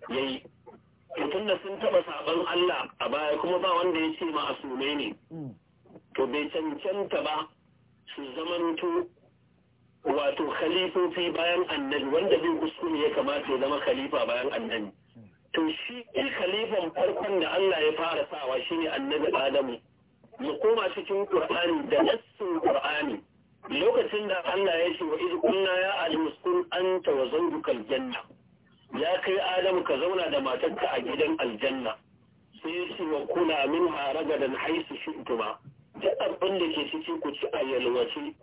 ya yi mutum da sun taɓa sabon Allah a baya kuma ba wanda ya ce ma asume ne to bai cancanta ba su zamanto wato khalifofi bayan annabi wanda bin kuskure ya kamata ya zama khalifa bayan annabi to shi khalifan farkon da Allah ya fara sawa shine annabi Adamu mu koma cikin Qur'ani da nassin Qur'ani lokacin da Allah ya ce wa iz kunna ya almuskun anta wa zawjuka aljanna ya kai adam ka zauna da matarka a gidan aljanna sai ya wa kula min haragadan haisu shi'tuma duk abin da ke cikin ku ci a yalwace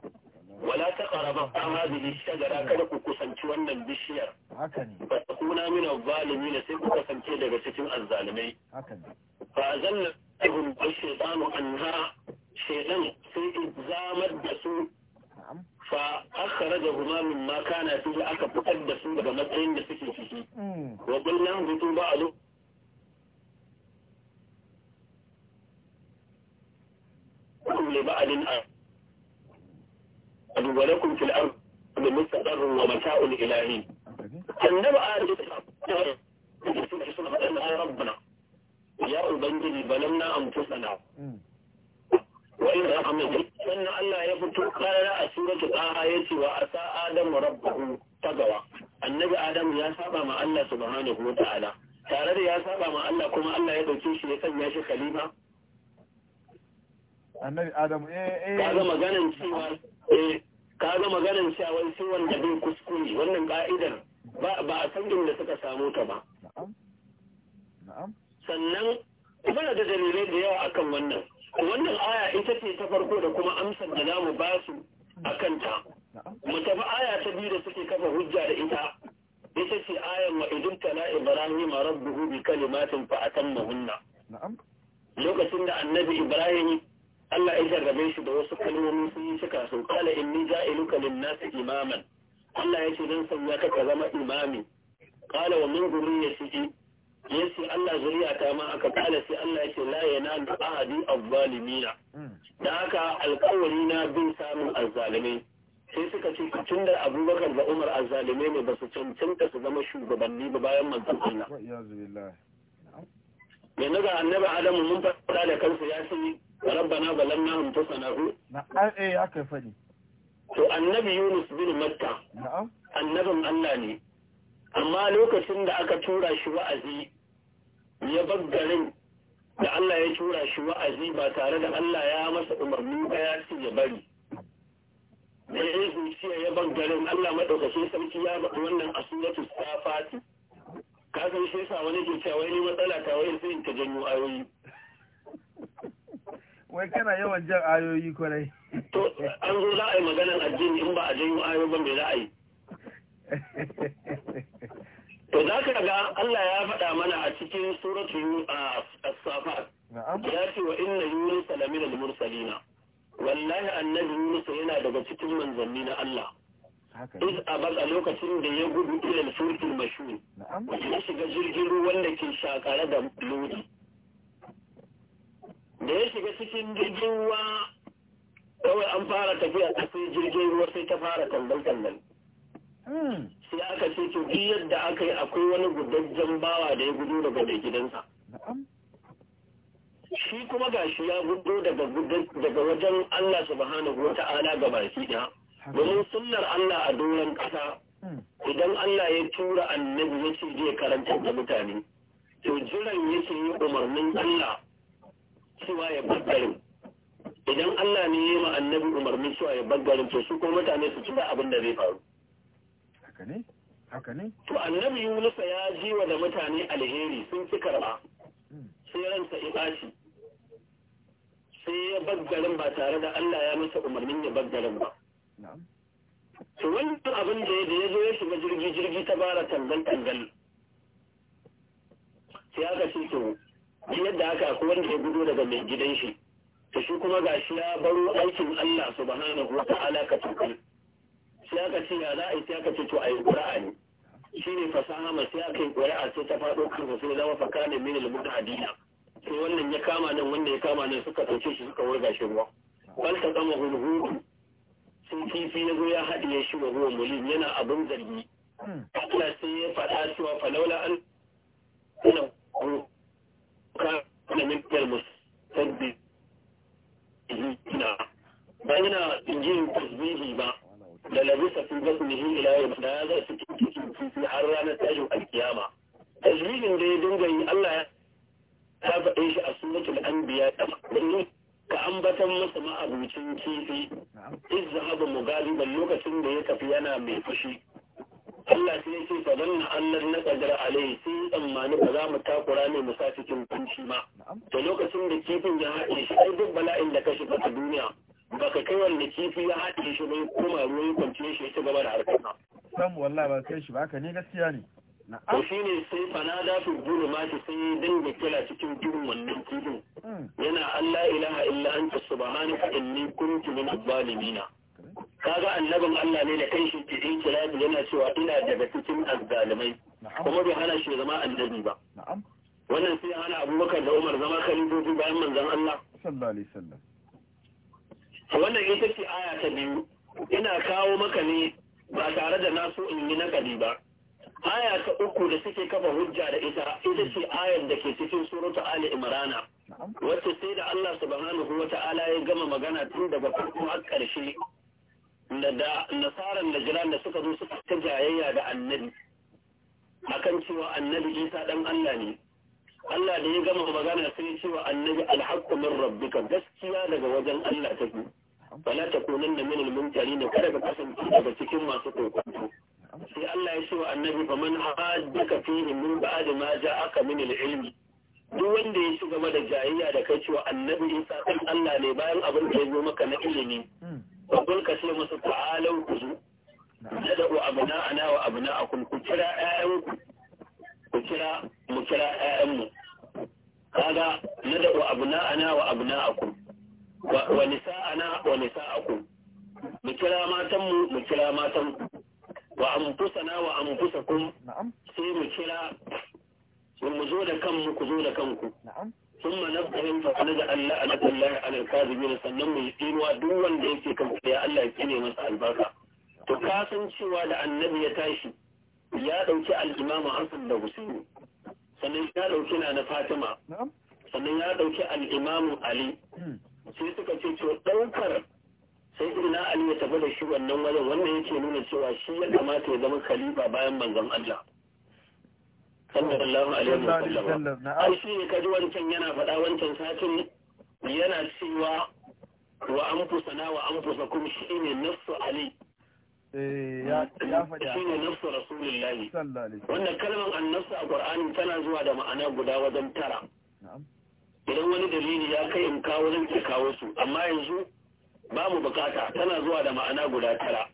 wala ta qaraba hadhihi shajara kada ku kusanci wannan bishiyar haka ne fa takuna min zalimin sai ku kasance daga cikin azzalimai haka ne fa zalla ibn shaytanu anha shaytan sai zamar da su fa aka rage rumamin ma kana su aka fitar da su daga matsayin da suke ciki hmm. wajen nan hutu ba a lokacin لبعض أدو لكم في الأرض بمستقر ومتاع إلهي النبع Ya ubangiji, أبنجي ظلمنا أنفسنا وإن أحمد أن الله يفتو قال سورة الآية وأتى آدم ربه تقوى النبي آدم يا سابع مع الله سبحانه وتعالى tare da ya saba ma Allah kuma Allah ya dauke shi ya sanya shi khalifa annabi adamu eh, eh. cewa eh wanda bai kuskure wannan ba ba a san da suka samu ta ba na'am na'am sannan kuma da dalilai da yawa akan wannan wannan aya ita ce ta farko da kuma amsar da za mu ba su a kanta mu tafi aya ta biyu da suke kafa hujja da ita ita ce ayan wa idin tala ibrahim rabbuhu bi kalimatin fa atammahunna lokacin da annabi ibrahim Allah ya jarrabe shi da wasu kalmomi sun yi cika so kala inni ja'iluka lin-nasi imaman Allah ya ce zan sanya ka ka zama imami kala wa min zurriyyati yace Allah zuriya ta ma aka kala sai Allah yace la yanalu ahadi az-zalimina hmm. da haka alƙawari na bin samun azzalimai sai suka ce tun da abubakar da umar azzalimai ne ba su cancanta su zama shugabanni ba bayan manzon Allah ya ga annabi adamu mun faɗa da kansu ya ce rabbana balanna hum tusanahu na eh aka fadi to annabi yunus bin na'am annabin Allah ne amma lokacin da aka tura shi wa'azi ya bar garin da Allah ya tura shi wa'azi ba tare da Allah ya masa umarni ba ya ci ya bari da ya yi zuciya ya bar garin Allah maɗaukaki sarki ya faɗi wannan a suratu safati ka san shi yasa wani ke cewa ni matsala ta wai sai ta janyo ayoyi wai kana yawan jan ayoyi kwarai to an zo za a yi maganar addini in ba a janyo ayoyi ba me za a yi to za ka ga Allah ya faɗa mana a cikin suratu a safat ya ce wa inna yunus lamina al-mursalina wallahi annabi yunus yana daga cikin manzanni na Allah iz abad a lokacin da ya gudu ila al-fulkil mashhur ya shiga jirgin ruwan da ke shakare da lodi da ya shiga cikin jirgin ruwa kawai an fara tafiya a cikin jirgin ruwa sai ta fara kallon kallon sai aka ce to duk yadda aka yi akwai wani gudajjen bawa da ya gudu daga mai gidansa shi kuma ga shi ya gudu daga wajen Allah subhanahu wa ta'ala ga baki da domin sunnar Allah a doron kasa hmm. idan Allah ya tura annabi ya ce zai karanta da mutane to jiran yake yi umarnin Allah cewa ya baggarin idan Allah ne ya yi ma annabi umarnin cewa ya baggarin to su kuma mutane su cika abin da zai faru haka ne haka ne to annabi Yunus ya ji wa da mutane alheri sun ci karba sai ransa ya bashi sai ya baggarin ba tare da Allah ya masa umarnin ya baggarin ba to wannan abin da ya zo ya shiga jirgi jirgi ta bara tangal tangal sai aka ce to yadda aka ko wanda ya gudu daga mai gidan shi to shi kuma gashi ya baro aikin Allah subhanahu wa ta'ala ka tukul sai aka ce ya za a yi sai aka to a yi ƙura'a ne shi ne fasaha ma sai aka yi sai ta faɗo kansa sai zama faka ne mini limuta adina sai wannan ya kama nan wanda ya kama nan suka ɗauke shi suka wurga shi ruwa bal ta kama sun kifi na zo ya haɗiye shi wa ruwan mulin yana abin zargi hmm. Allah sai ya faɗa cewa falaula an kai shi ba haka ne gaskiya ne a shi ne sai fanada fi gudu ma ta sai dinga kira cikin duhun wannan tudun hmm. yana Allah ilaha illa an anta subhanaka inni kuntu min zalimina kaga annabin Allah ne da kai shi ke yin kira yana cewa ina daga cikin azzalimai kuma bai hana shi zama annabi ba wannan sai hana Abubakar da Umar zama khalifofi bayan manzan Allah sallallahu alaihi wannan ita ce aya ta biyu ina kawo maka ne ba tare da nasu in yi ƙari ba aya ta uku da suke kafa hujja da ita ita ce ayar da ke cikin suratu ali imrana wacce sai da Allah subhanahu wa ta'ala ya gama magana tun daga farko har ƙarshe da nasaran da jiran da suka zo suka ta jayayya da annabi akan cewa annabi isa ɗan Allah ne Allah da ya gama magana sai cewa annabi alhaqqu min rabbika gaskiya daga wajen Allah ta take fala takunanna min al-mumtarin kada ka kasance daga cikin masu kokonto sai Allah ya ce wa annabi faman haddaka fihi min ba'd ma ja'aka min al-ilmi duk wanda ya shiga gaba da jayayya da kai cewa annabi sa kan Allah ne bayan abin da ya zo maka na ilimi babban ka ce masa ta'alau ku zo nada'u abna'ana wa abuna akun ku kira ƴaƴanku ku kira mu kira ƴaƴanmu kaga nada'u abna'ana wa abuna akun. wa nisa'ana wa nisa'akum mu kira matanmu mu kira matan wa anfusana wa anfusakum sai mu kira mu zo da kanmu ku zo da kanku ثم نبهم فقلد أن لا ألد الله على الكاذبين sannan mu yi tsinuwa duk wanda yake kan ya Allah ya kine masa albarka to ka san cewa da annabi ya tashi ya ɗauki al-imamu Hassan da Husaini sannan ya ɗauki na na Fatima sannan ya ɗauki al'imamu Ali hmm. sai suka ce to ɗaukar sai ina ali ya tafi da shi wannan wajen wannan yake nuna cewa shi ya kamata ya zama khalifa bayan manzon Allah sallallahu alaihi wa sallam ai shi ne kaji wancan yana faɗa wancan satin yana cewa wa anfusana wa anfusakum shine nafsu ali eh, shine nafsu rasulullahi wannan kalmar annafsu a qur'ani tana zuwa da ma'ana guda wajen tara idan wani dalili ya kai in kawo zan ke kawo su amma yanzu ba mu bukata tana zuwa da ma'ana guda tara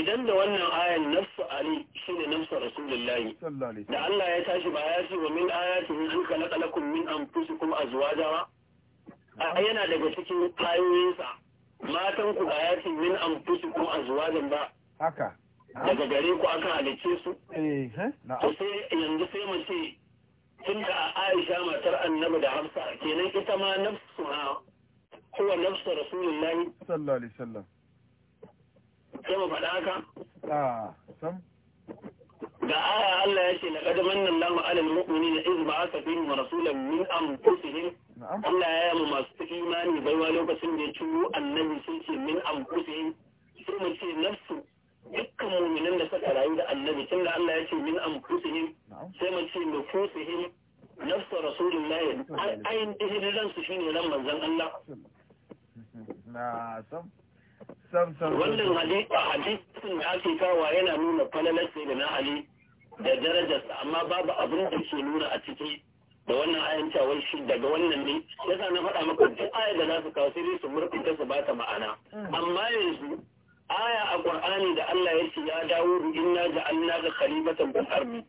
idan da wannan ayan nafsu ali shine nafsu rasulullahi da Allah ya tashi ba ya ce wa min ayatihi hu khalaqa min anfusikum azwaja wa yana daga cikin kayoyinsa matan ku ba ya ce min anfusikum azwajan ba haka daga gare ku aka halice su eh, eh, eh sai yanzu sai mace inda a aisha matar annabi da hafsa kenan ita ma nafsu ha huwa nafsu rasulullahi sallallahu alaihi wasallam sai mu faɗa haka a sam da aya Allah yake na qad manna Allahu 'alal mu'minina iz ba'atha fihim rasulan min anfusihim Allah ya yi masu imani baiwa lokacin da ya ciwo annabi sun ce min anfusihim sai mu ce nafsu dukkan muminan da suka rayu da annabi da Allah ya ce min anfusihim sai mu ce nufusihim nafsu rasulullahi ayin dihin ran su shine ran manzon Allah na sam sam da ake kawa yana nuna falalar sai da na Ali da darajarsa amma babu abin da ke nuna a ciki da wannan ayan cawar shi daga wannan ne yasa na faɗa maka duk ayar da za su kawo sai su murkuta su ba ta ma'ana mm. amma yanzu aya a qur'ani da Allah ya ce ya dawudu inna ja'alnaka khalifatan fil Arbi,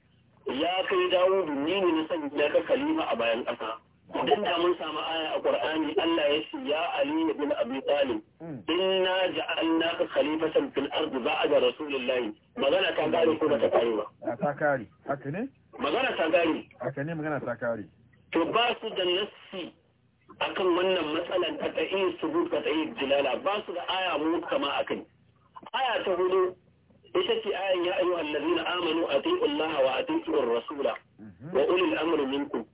ya kai dawudu ni ne na da ka kalima a bayan ƙasa idan da mun samu aya a qur'ani Allah ya ce ya ali ibn abi talib inna ja'alnaka khalifatan fil ardi ba'da rasulillahi magana ta gari ko ba ta kare ba ta kare haka ne magana ta gari haka ne magana ta kare to ba su da nassi akan wannan matsalar ta ta'in subut ka ta'in jilala ba su da aya mu kama akai aya ta hudu ita ce ayan ya ayyuha allazina amanu atiqu allaha wa atiqu ar-rasula wa ulil amri minkum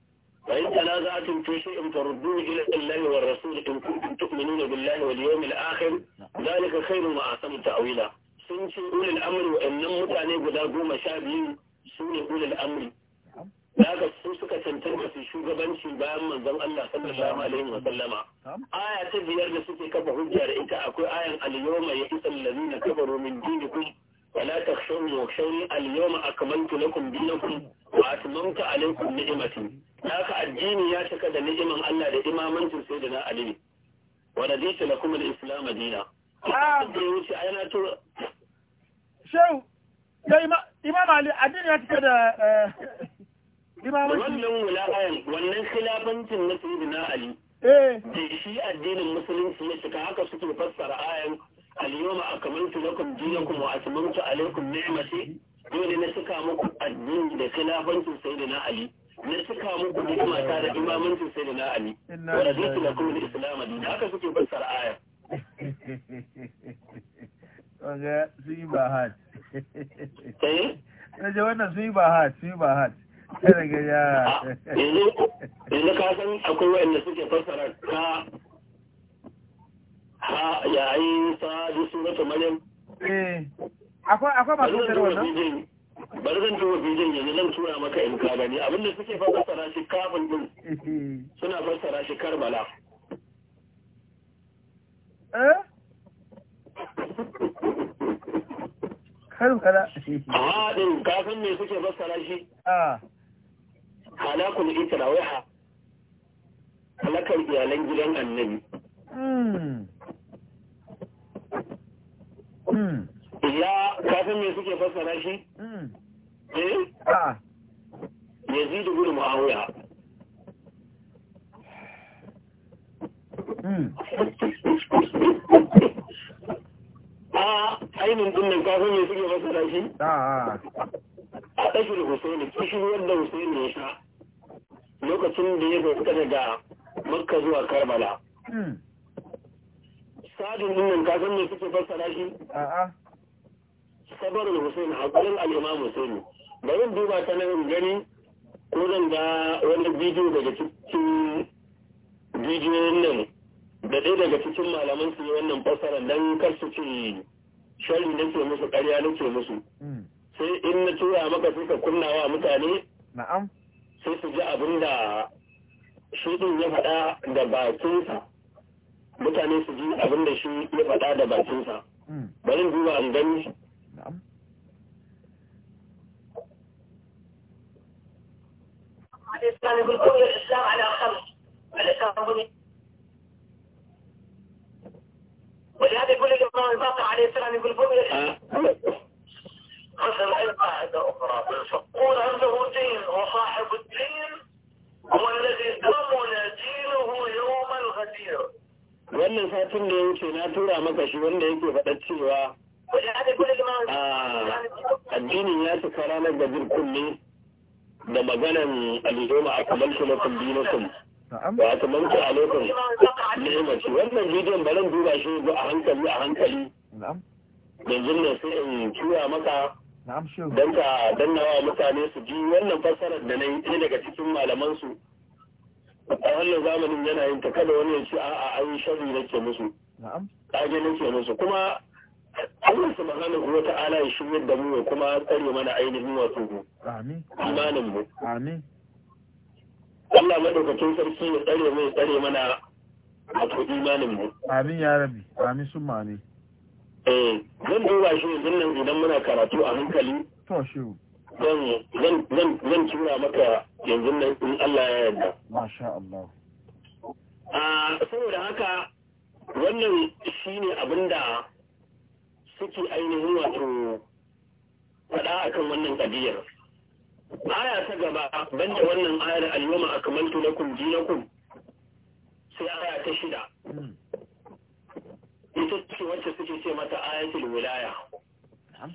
wa in tanaza'tum fi shay'in farudduhu ila allahi wa rasul in kuntum tu'minuna billahi wal yawmil akhir dhalika khayrun wa ahsanu ta'wila sun ce ulil amri wa annan mutane guda goma sha biyu su ne ulil amri daga su suka cancanta su shugabanci bayan manzon Allah sallallahu alaihi wa sallama aya ta biyar da suke kafa hujja da ita akwai ayan al-yawma yaqisa allazina kafaru min dinikum ولا تخشوني واخشوني اليوم اكملت لكم دينكم واتممت عليكم نعمتي ذاك addini ya تكا da ni'iman Allah da imamancin na Ali wa raditu lakum al-islam dina ah da wuce ai na tura shehu da imam Ali addini ya cika da eh, wannan wulaƙayan wannan khilafancin na sayyidina ali eh. da shi addinin musulunci ya cika haka suke fassara ayan al-yawma akmaltu lakum dinakum wa atmamtu alaykum ni'mati dole na cika muku addini da khilafancin sayyidina ali na cika muku ni'mata da imamancin sayyidina ali wa raditu lakum al-islam dinan haka suke fassara ayan kaga sun yi ba hat. Eh? Kaje wannan sun yi ba hat, sun yi ba hat. yanzu ka san akwai wa'anda suke fassara ka ha yayin sa da surata maryam eh, akwai akwai masu bari zan tura bidiyon yanzu zan tura maka in ka gani abinda suke fassara shi kafin din suna fassara shi karbala eh a haɗin kafin me suke fassara shi ah. halakul itra wai halakar iyalan gidan annabi hmm. hmm. ya kafin me suke fassara shi hmm. eh ah. da ibn muawiya a ah, ainihin dunnan kafin me suke fassara shi a ah, ɗashi da husaini kishin wanda husaini ya sha lokacin da ya fita daga makka zuwa karbala hmm. sadin dinnan ka san mai suke fassara shi a'a sabarul a hakurin al-imam da bari duba ta nan gani ko zan ga wani bidiyo daga cikin bidiyoyin nan da ɗaya daga cikin malaman su yi wannan fassara don kar su ce shari nake musu ƙarya nake musu hmm. sai in na tura maka suka kunnawa mutane na'am sai su ji abin da shi din ya faɗa da bakinsa mutane su ji abin da shi ya faɗa da bakinsa hmm. bari duba an gani يقول كل الإسلام ولهذا يقول الإمام الباقر عليه السلام يقول بني الإسلام أخرى قول عنده دين وصاحب الدين wannan satin da ya wuce na tura maka shi wanda yake faɗa cewa addinin ya cika ranar da kulle da maganan alidoma a kamar kuma kumbinakun ba a kamar shi a lokacin ni'imaci wannan bidiyon baran duba shi a hankali a hankali yanzu ne sai in tura maka don ta dannawa mutane su ji wannan fassarar da na yi ɗaya daga cikin malamansu a wannan zamanin yana yin ta kada wani ya ce a'a an yi sharri ke musu ƙage ke musu kuma Allah subhanahu wa ta'ala ya shiryar da mu ya kuma tsare mana ainihin wato mu imanin mu Allah madaukakin sarki ya tsare mai tsare mana wato imanin mu amin ya rabi amin sun ne eh zan duba shi yanzu nan idan muna karatu a hankali zan tura maka yanzu nan in Allah ya yarda masha Allah ah, saboda haka wannan shi shine abinda suke ainihin wato faɗa akan wannan ƙabiyar aya ta gaba banda wannan ayar al a kamar tunakun dinakum sai aya ta shida hmm. ita ce wacce suke ce mata ayatul wilaya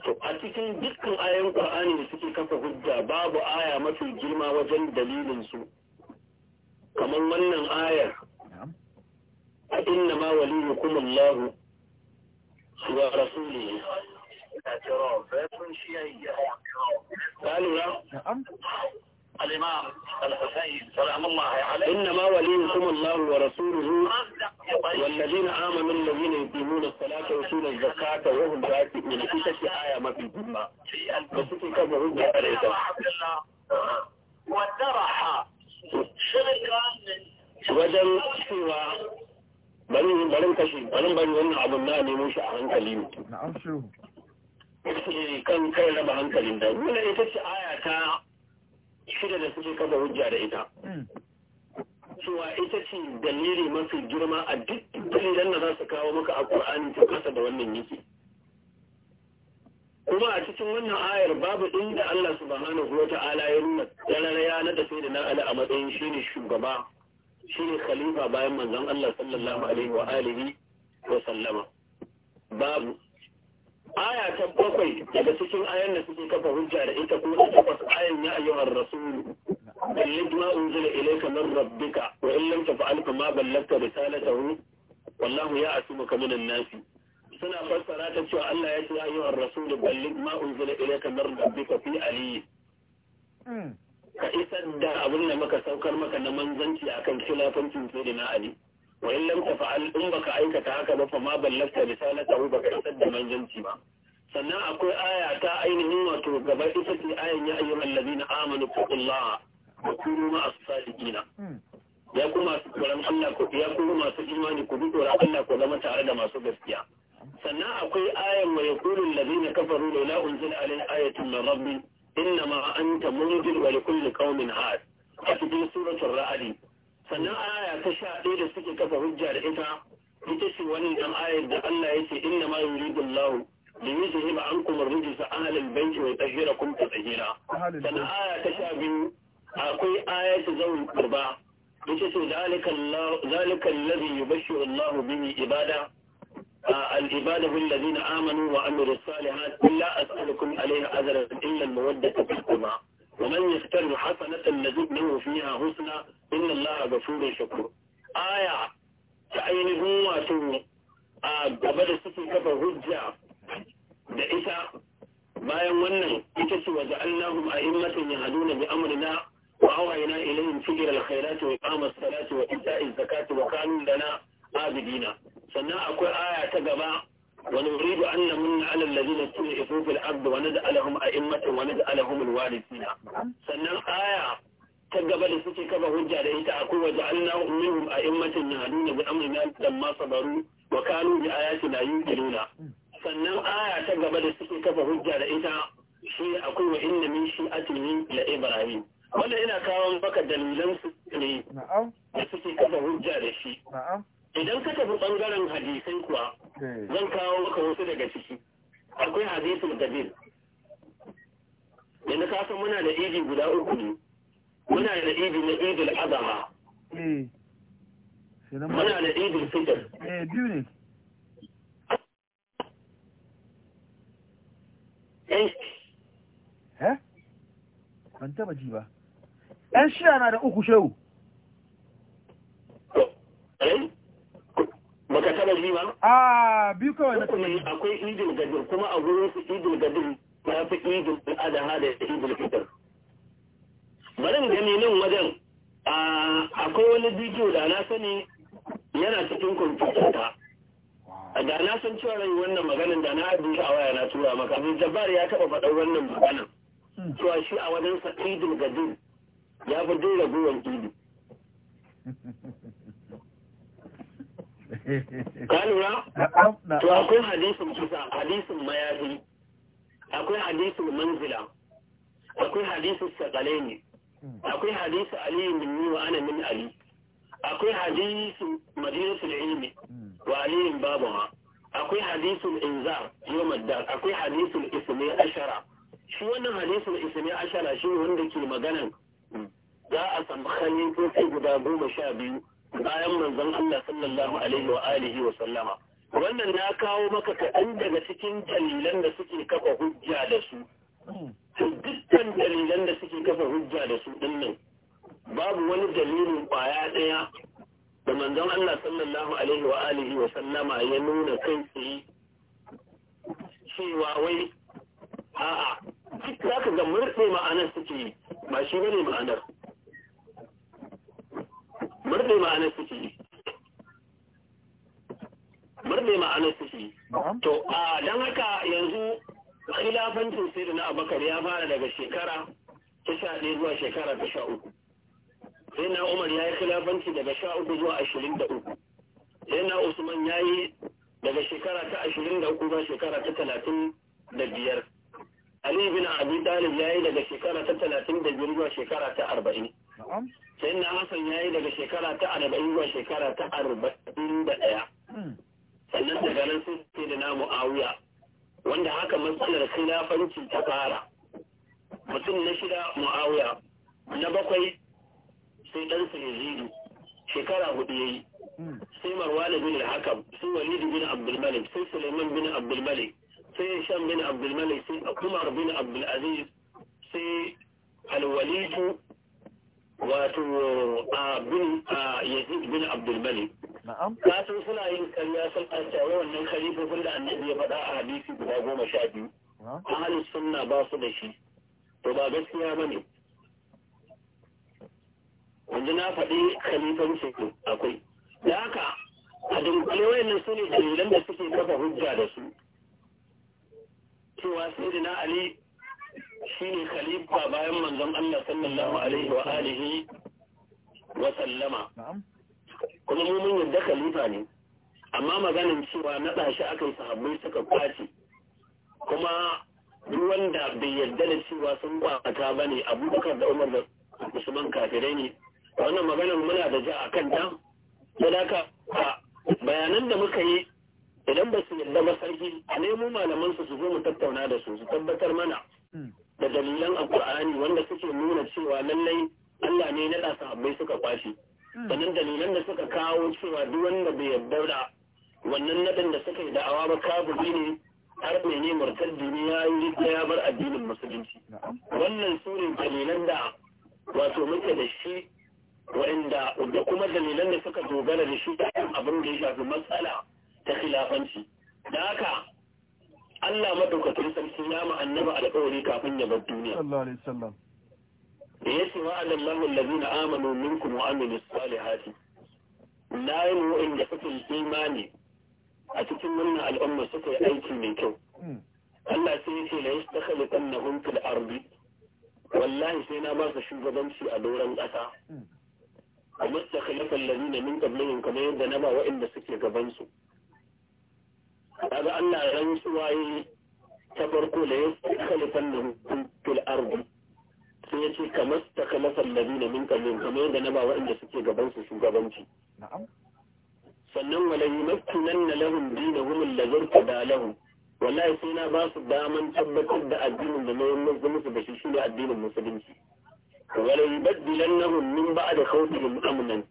to a cikin dukkan ayoyin qur'ani da suke kafa hujja babu aya mafi girma wajen dalilin su kamar wannan ayar a inna ma waliyukum Allah wa rasulihi ta lura الإمام الحسين سلام الله عليه إنما وليكم الله ورسوله والذين آمنوا الذين يقيمون الصلاة ويؤتون الزكاة وهم راكعون في تلك آية ما في الجنة وسكي كما هم ودرح شركا wajen شركا bari سوى بني بني bari بني بني na nemo shi a hankali ne na'am shi kan kai raba hankalin da wannan ita ce aya shida da suke kafa hujja da ita hmm. cewa ita ce dalili mafi girma a duk dalilan da za su kawo maka a ƙur'ani ta kasa da wannan yake kuma a cikin wannan ayar babu inda Allah subhanahu wa ta'ala ya nuna ranar yana da sai da a matsayin shi ne shugaba shi ne khalifa bayan manzon Allah sallallahu alaihi wa alihi wa sallama babu aya ta bakwai daga cikin ayan da suke kafa hujja da ita ko ta takwas ayan ya ayyuhar rasul balligh ma unzila ilayka min rabbika wa in lam taf'al fa ma ballagta risalatahu wallahu ya'tumuka min an-nas suna fassara ta cewa Allah ya ce ya ayyuhar rasul balligh ma unzila ilayka min rabbika fi Ali. Hmm. ka isar da abin da maka saukar maka na manzanci akan khilafancin sayyidina ali wa in lam tafa'al in baka aikata haka ba fa ma ballafta risalatahu isar da manzanci ba sannan akwai aya ta ainihin wato gaba ita ce ayan ya ayyuhal ladina amanu hmm. ya kuma masu Allah ya kuma masu imani ku bi tsoron Allah zama tare da masu gaskiya sannan akwai ayan wa yaqulu alladhina kafaru la unzila alayhi ayatun min rabbi innama anta munzir wa likulli qaumin had a cikin suratul ra'd sannan aya ta sha ɗaya da suke kafa hujja da ita ita ce wani dan ayar da Allah ya ce inna ma yuridu Allah li yuzhiba ankum ar-rijsa ahla al-bayt wa yutahhirakum tatheera sannan aya ta sha biyu akwai ayatu zawul qurba ita ce zalika Allah zalika alladhi yubashshiru Allah bihi ibada العبادة الذين آمنوا وعملوا الصالحات إلا أسألكم عليها أجرا إلا المودة في القربى ومن يختر حسنة نجد له فيها حسنى إن الله غفور شكور آية تعينه واتو أبدا سكي كفا هجة da ita bayan wannan ita ce wa ja'alnahum a'immatan yahduna bi amrina wa awhayna ilayhim fi'l al-khairati wa iqamas salati wa ita'iz zakati wa kanu lana abidina sannan akwai aya ta gaba ونريد أن نمن على الذين استضعفوا في الأرض ونجعلهم أئمة ونجعلهم الوارثين سنن آية تقبل سكي كما هجا لإيتا أقول وجعلناهم منهم أئمة يهدون بأمرنا لما صبروا وكانوا بآياتنا يوقنون sannan aya ta gaba da suke kafa hujja da ita shi akwai wa inna min shi'atihi la ibrahim wannan ina kawo maka dalilan su ne da suke kafa hujja da shi idan ka tafi ɓangaren hadisai kuwa hmm. zan kawo maka wasu daga ciki akwai hadisul gadir yanzu ka san muna da idi guda uku ne muna da idi na idul azama hmm. muna da idul fitr eh, eh. eh? ban taba ji ba yan shida na da uku shehu eh? biyu akwai idil gadir kuma a wurin su idil gadir ya fi idil adaha da idil fitar. Barin gani nan wajen akwai wani bidiyo da na sani yana cikin kwamfuta ta. Da na san cewa rai wannan maganin da na ajiye a waya na tura maka. Abin Jabbar ya taɓa faɗar wannan maganin. Hmm. Cewa shi a wajen sa idil gadir ya fi dole gowar idil. ka lura to akwai hadisin kusa hadisin mayafi akwai hadisin manzila akwai hadisin sakalaini akwai hadisin aliyu min minni wa ana min ali akwai hadisin madinatul ilmi wa aliyu babu ma akwai hadisul inza yawmal dar akwai hadisul ismi ashara shi wannan hadisul ismi ashara shi ne wanda ke maganan za a samu hanyoyi guda goma sha biyu bayan manzon Allah sallallahu alaihi wa alihi wa sallama wannan na kawo maka kaɗan daga cikin dalilan da suke kafa hujja da su dukkan dalilan da suke kafa hujja da su nan babu wani dalilin ƙwaya ɗaya da manzon Allah sallallahu alaihi wa alihi wa sallama ya nuna kai tsaye cewa wai a'a duk zaka ga murɗe ma'anar suke ba shi bane ma'anar murne ma'anar fushi murne ma'anar yi to a don haka yanzu khilafancin sai da na abakar ya fara daga shekara ta sha ɗaya zuwa shekara ta sha uku sai na umar ya yi khilafanci daga sha uku zuwa ashirin da uku sai na usman ya yi daga shekara ta ashirin da uku zuwa shekara ta talatin da biyar ali bin abi talib ya yi daga shekara ta talatin da biyar zuwa shekara ta arba'in sai na hasan ya yi daga shekara ta arba'in zuwa shekara ta arba'in da ɗaya hmm. sannan daga nan sun ce da na mu'awiya wanda haka matsalar khilafanci ta fara mutum na shida mu'awiya na bakwai sai ɗan yazidu shekara hudu ya yi hmm. sai marwana bin al-hakam sai Walidu bin abdulmalik sai suleiman bin abdulmalik sai shan bin abdulmalik sai umar bin abdulaziz sai alwalidu wato bin yazid bin abdulmalik kasan suna yin karya sun an tsaye wannan khalifofin da annabi ya faɗa a hadisi guda goma sha biyu halin sunna ba su da shi to ba gaskiya ba ne wanda na faɗi khalifan su akwai da haka a dunkule wayannan su ne dalilan da suke kafa hujja da su cewa sai da na ali Shi ne khalifa bayan manzon Allah sallallahu alaihi wa alihi wa sallama kuma mu mun yadda khalifa ne amma maganin cewa naɗa shi akan sahabbai suka kwace kuma duk wanda bai yarda da cewa sun kwata ba ne abubakar da umar da usman kafirai ne wannan maganar muna da ji a kan ta sadaka bayanan da muka yi idan ba su yarda ba sarki a nemo malaman su su zo mu tattauna da su su tabbatar mana hmm. da dalilan alkur'ani wanda suke nuna cewa lallai Allah ne na ɗasa abai suka kwashe, sannan dalilan da suka kawo cewa duk wanda bai yarda da wannan nadin da suka yi da'awa ba kafiri ne har mai ne murtaddi ne ya yi ya bar addinin musulunci wannan su ne dalilan da wato muke da shi wa'inda da kuma dalilan da suka dogara da shi da abin da ya shafi matsala ta khilafanci da haka Allah madaukakin sarki ya ma annaba alƙawari kafin ya bar duniya sallallahu alaihi wasallam da yace wa allahu allazina amanu minkum wa amilus salihati na yi wa'in da yi imani a cikin wannan al'umma suka yi aiki mai kyau hmm. Allah sai ya ce la yastakhilu annahum fil ardi wallahi sai na ba su shugabanci a doron ƙasa hmm. a mustakhilafan lazina min qablihim kamar yadda na ba wa'inda suke gabansu. kaga Allah rantsuwa waye ta farko da ya fi khalifan da fil ardi sai ya ce kamar ta khalafan ladina min qablin kamar yadda na ba waɗanda suke gaban su shugabanci na'am sannan wala yumakkinanna lahum dinahum da tada wala ya sai na ba su daman tabbatar da addinin da mai musu da shi shine addinin musulunci wala yubaddilannahum min ba'da khawfihim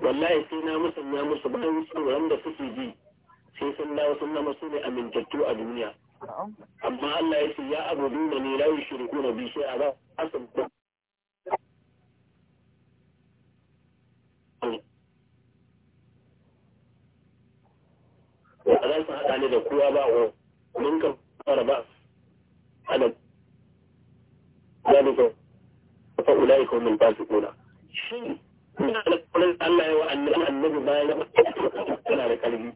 wala ya sai na musanya musu bayan tsoron da suke ji sai sun dawo sun zama su ne amintattu a duniya amma Allah ya ce ya abu duna ne la yushriku na bi a ba a asan ba wa za su haɗa ne da kowa ba wa mun ka fara ba a da da ya zalika fa ulai ka min fasiquna shin ina da kullun Allah ya wa annabi annabi bayan da kana da kalbi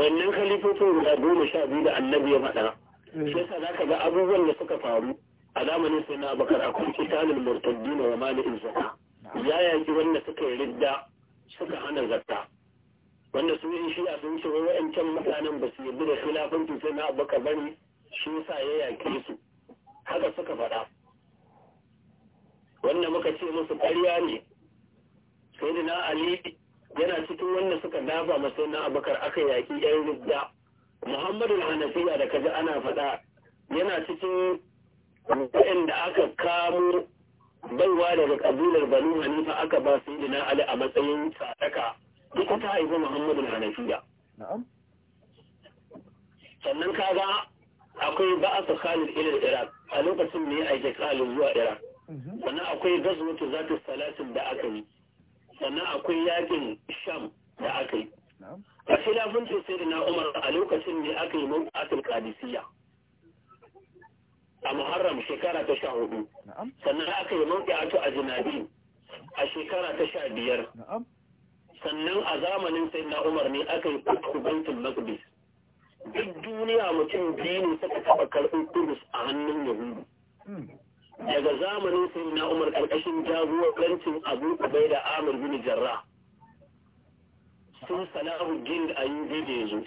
wannan khalifofin guda goma sha biyu da annabi ya faɗa mm. shi yasa zaka ga abubuwan da suka faru a zamanin sai na abakar akwai kitanul murtaddina wa mali'in zakka ya yaki wanda suka yi ridda suka hana zakka wanda su yin shi a sun ce wai wa'ancan mutanen ba su yarda da khilafanci sai na abakar bane shi yasa ya yake su haka suka faɗa wanda muka ce musu ƙarya ne sai ali yana cikin wanda suka dafa masai na abakar aka yaƙi yan rubda muhammadu hanafiya da kaji ana faɗa yana cikin waɗanda aka kamo baiwa daga ƙabilar banu hanifa aka ba su yi ali a matsayin sadaka ita ta haifi muhammadu hanafiya sannan kaga akwai ba'asa khalid ilil iraq a lokacin ne ya aike khalid zuwa iraq mhm. sannan akwai gazwatu zata salatin da aka yi sannan akwai yakin sham da aka yi a khilafancin sai da na umar a lokacin ne aka yi mawuƙatul kadisiya a muharram shekara ta sha hudu sannan aka yi mawuƙatu a jinabi a shekara ta sha biyar sannan a zamanin sai na umar ne aka yi fatu magbis duk duniya mutum biyu ne suka taba karɓar kudus a hannun yahudu hmm. daga zamanin sai na umar karkashin jagorancin abu ubai da amur bin jarra sun sana'ar gin da ayyubi da yanzu.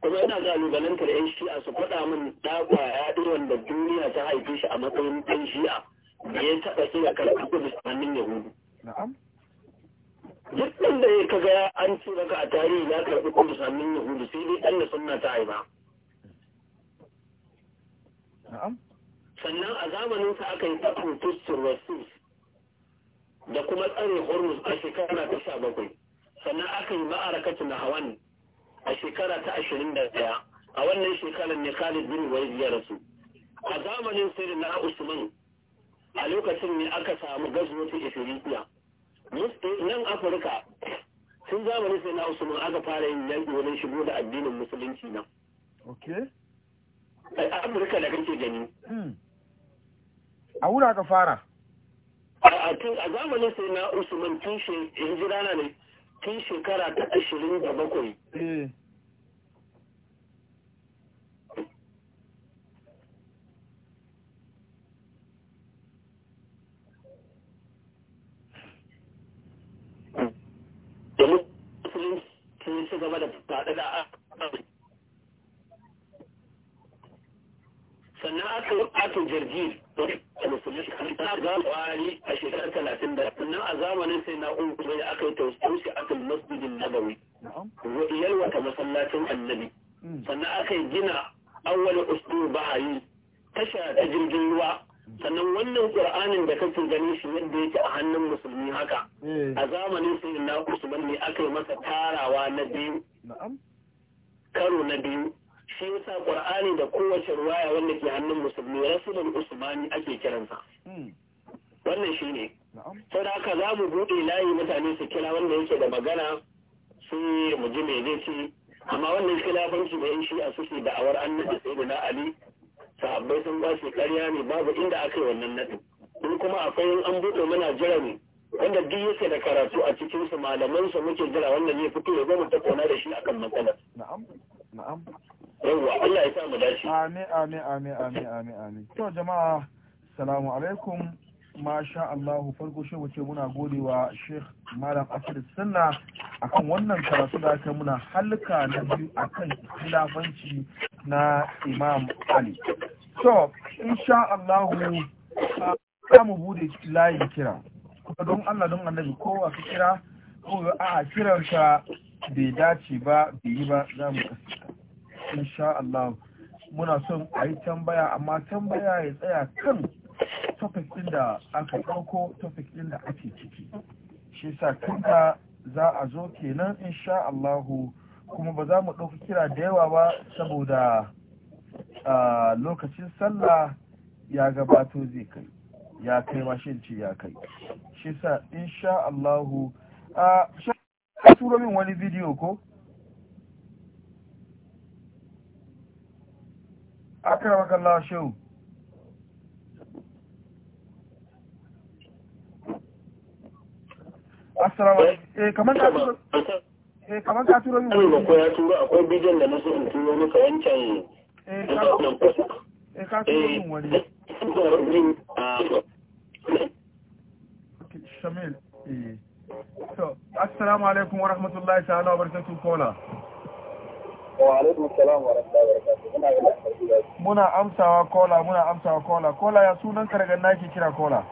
kuma yana galubalantar yan shi'a su faɗa min dakwa ya ɗi wanda duniya ta haife shi a matsayin ɗan shi'a da ya taɓa sai a karɓar kudu a hannun yahudu duk wanda ya kaga an ce maka a tarihi ya karɓi kudu a yahudu sai dai ɗan da sunna ta haifa sannan a zamaninsa aka yi tsakon tustur da kuma tsare hormuz a shekara ta sha bakwai sannan aka yi ma'arakacin na hawan a shekara ta ashirin da daya a wannan shekarar ne khalid bin walid ya rasu a zamanin sai na usman a lokacin ne aka samu gazuwar ethiopia nan afirka tun zamanin sai na usman aka fara yin yanki wajen shigo da addinin musulunci nan a amurka da kake gani hmm. a wuna ka fara a zamanin sai na usman tun ji rana ne tun shekara ta ashirin da bakwai eh. da sun gaba da sannan aka yi aka jirgin wari a shekarar zamanin sai na uku ne aka yi tausi aka masjidin nabawi yalwata masallacin annabi hmm. sannan aka yi gina awwal usbu bahayi tasha ta jirgin ruwa sannan wannan qur'anin da kake gani shi yadda yake a hannun musulmi haka eh. a zamanin sai na usman ne aka yi masa tarawa na biyu karo na biyu shi yasa qur'ani da kowace ruwaya wanda ke hannun musulmi da usmani ake kiransa hmm. wannan shi ne sau haka za mu buɗe layi mutane su kira wanda yake da magana su mu ji mai zai ce amma wannan khilafanci da yan shi'a suke da'awar annabi sai na ali sahabbai sun ba shi ƙarya ne babu inda aka yi wannan naɗin in kuma akwai an buɗe muna jira ne wanda duk yake da karatu a cikin su malaman su muke jira wannan ya fito ya zo mu tattauna da shi akan matsalar na'am na'am yawwa Allah ya sa mu dace amin amin amin amin amin amin to jama'a assalamu alaikum masha Allah farko shi wuce muna godewa Sheikh Malam Asir Sunna akan wannan karatu da aka muna halka na biyu akan khilafanci na Imam Ali to insha Allah za mu bude layin kira kuma don Allah don annabi kowa ka kira ko a kiran ka bai dace ba bai yi ba za mu kasa insha Allah muna son a yi tambaya amma tambaya ya tsaya kan topic ɗin da aka ɗauko topic ɗin da ake ciki shi sa kanka za a zo kenan insha Allah kuma ba za mu ɗauki kira da yawa ba saboda ah, lokacin sallah ya gabato zai kai ya kai ma shi ce ya kai shi sa insha Allahu a shi turo min wani bidiyo ko akara makalla shehu assalamu alaikum eh kamar ka turo eh kamar ka turo min wani ko ya turo akwai bidiyon da nasu in turo maka wancan eh ka turo eh, min wani eh, assalamu alaikum wa rahmatullahi ta'ala wa barakatuh kola wa alaikum assalam wa rahmatullahi wa barakatuh muna amsawa kola muna amsawa kola kola ya sunan ka daga naki kira kola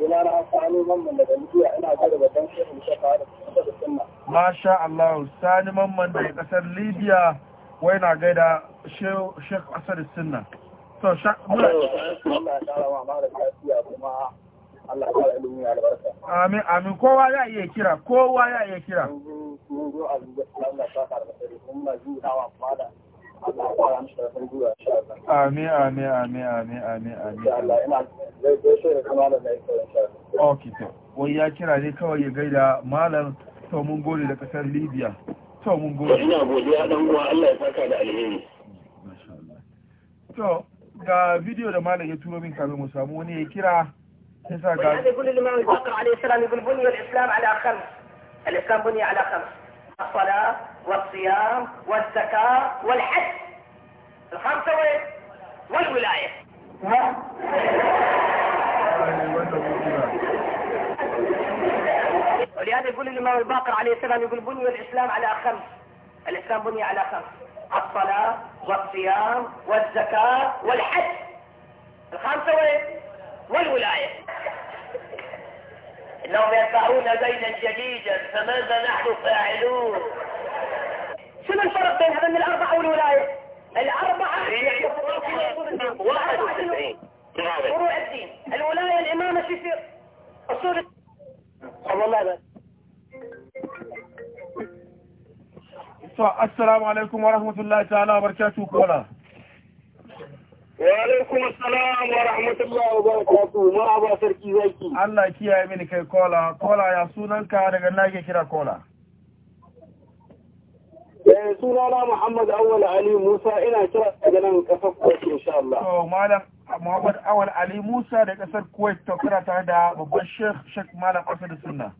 ina na amfani mamman daga Libya ina gaba babban shehu shafa da sunna masha Allah sani mamman daga kasar Libya wai na gaida shehu Asad Sunna to sha da ya kara wa mara lafiya kuma Allah ya kara ilimi albarka amin amin kowa ya iya kira kowa ya iya kira mun zo a zuwa Allah ya kara albarka mun ma zuwa hawa fada Allah ya kara amsa da zuwa insha Allah amin amin amin amin amin amin Allah ina zai zai shi kuma da mai insha Allah okay to wai ya kira ne kawai ya gaida malam to mun gode da kasar Libya to mun gode ina godiya dan uwa Allah ya saka da alheri masha Allah to ga bidiyo da malam ya turo min kafin mu samu wani ya kira ولهذا يقول الإمام الباقر عليه السلام يقول بني الإسلام على خمس الإسلام بني على خمس الصلاة والصيام والزكاة والحج الخمسة والولاية ولهذا يقول الإمام الباقر عليه السلام يقول بني الإسلام على خمس الإسلام بني على خمس الصلاة والصيام والزكاة والحج الخمسة وين؟ والولاية إنهم يدفعون دينا جديدا فماذا نحن فاعلون شنو الفرق بين هذين الأربعة والولاية الأربعة واحد فروع الدين الولاية الإمامة شو يصير أصول والله بس السلام عليكم ورحمة الله تعالى وبركاته Wa'alaikun salam wa rahmatullahi wa barakatu ma sarki zaki. Allah kiyaye mini kai kola, kola ya sunanka daga nage kira kola. Eh sunana Muhammad Awwal Ali Musa ina kira daga nan kasar Kuwait insha Allah. To malam Muhammad Awal, Ali Musa da kasar Kuwait to kira tare da babban Sheikh Sheikh Malam Asad Sunna.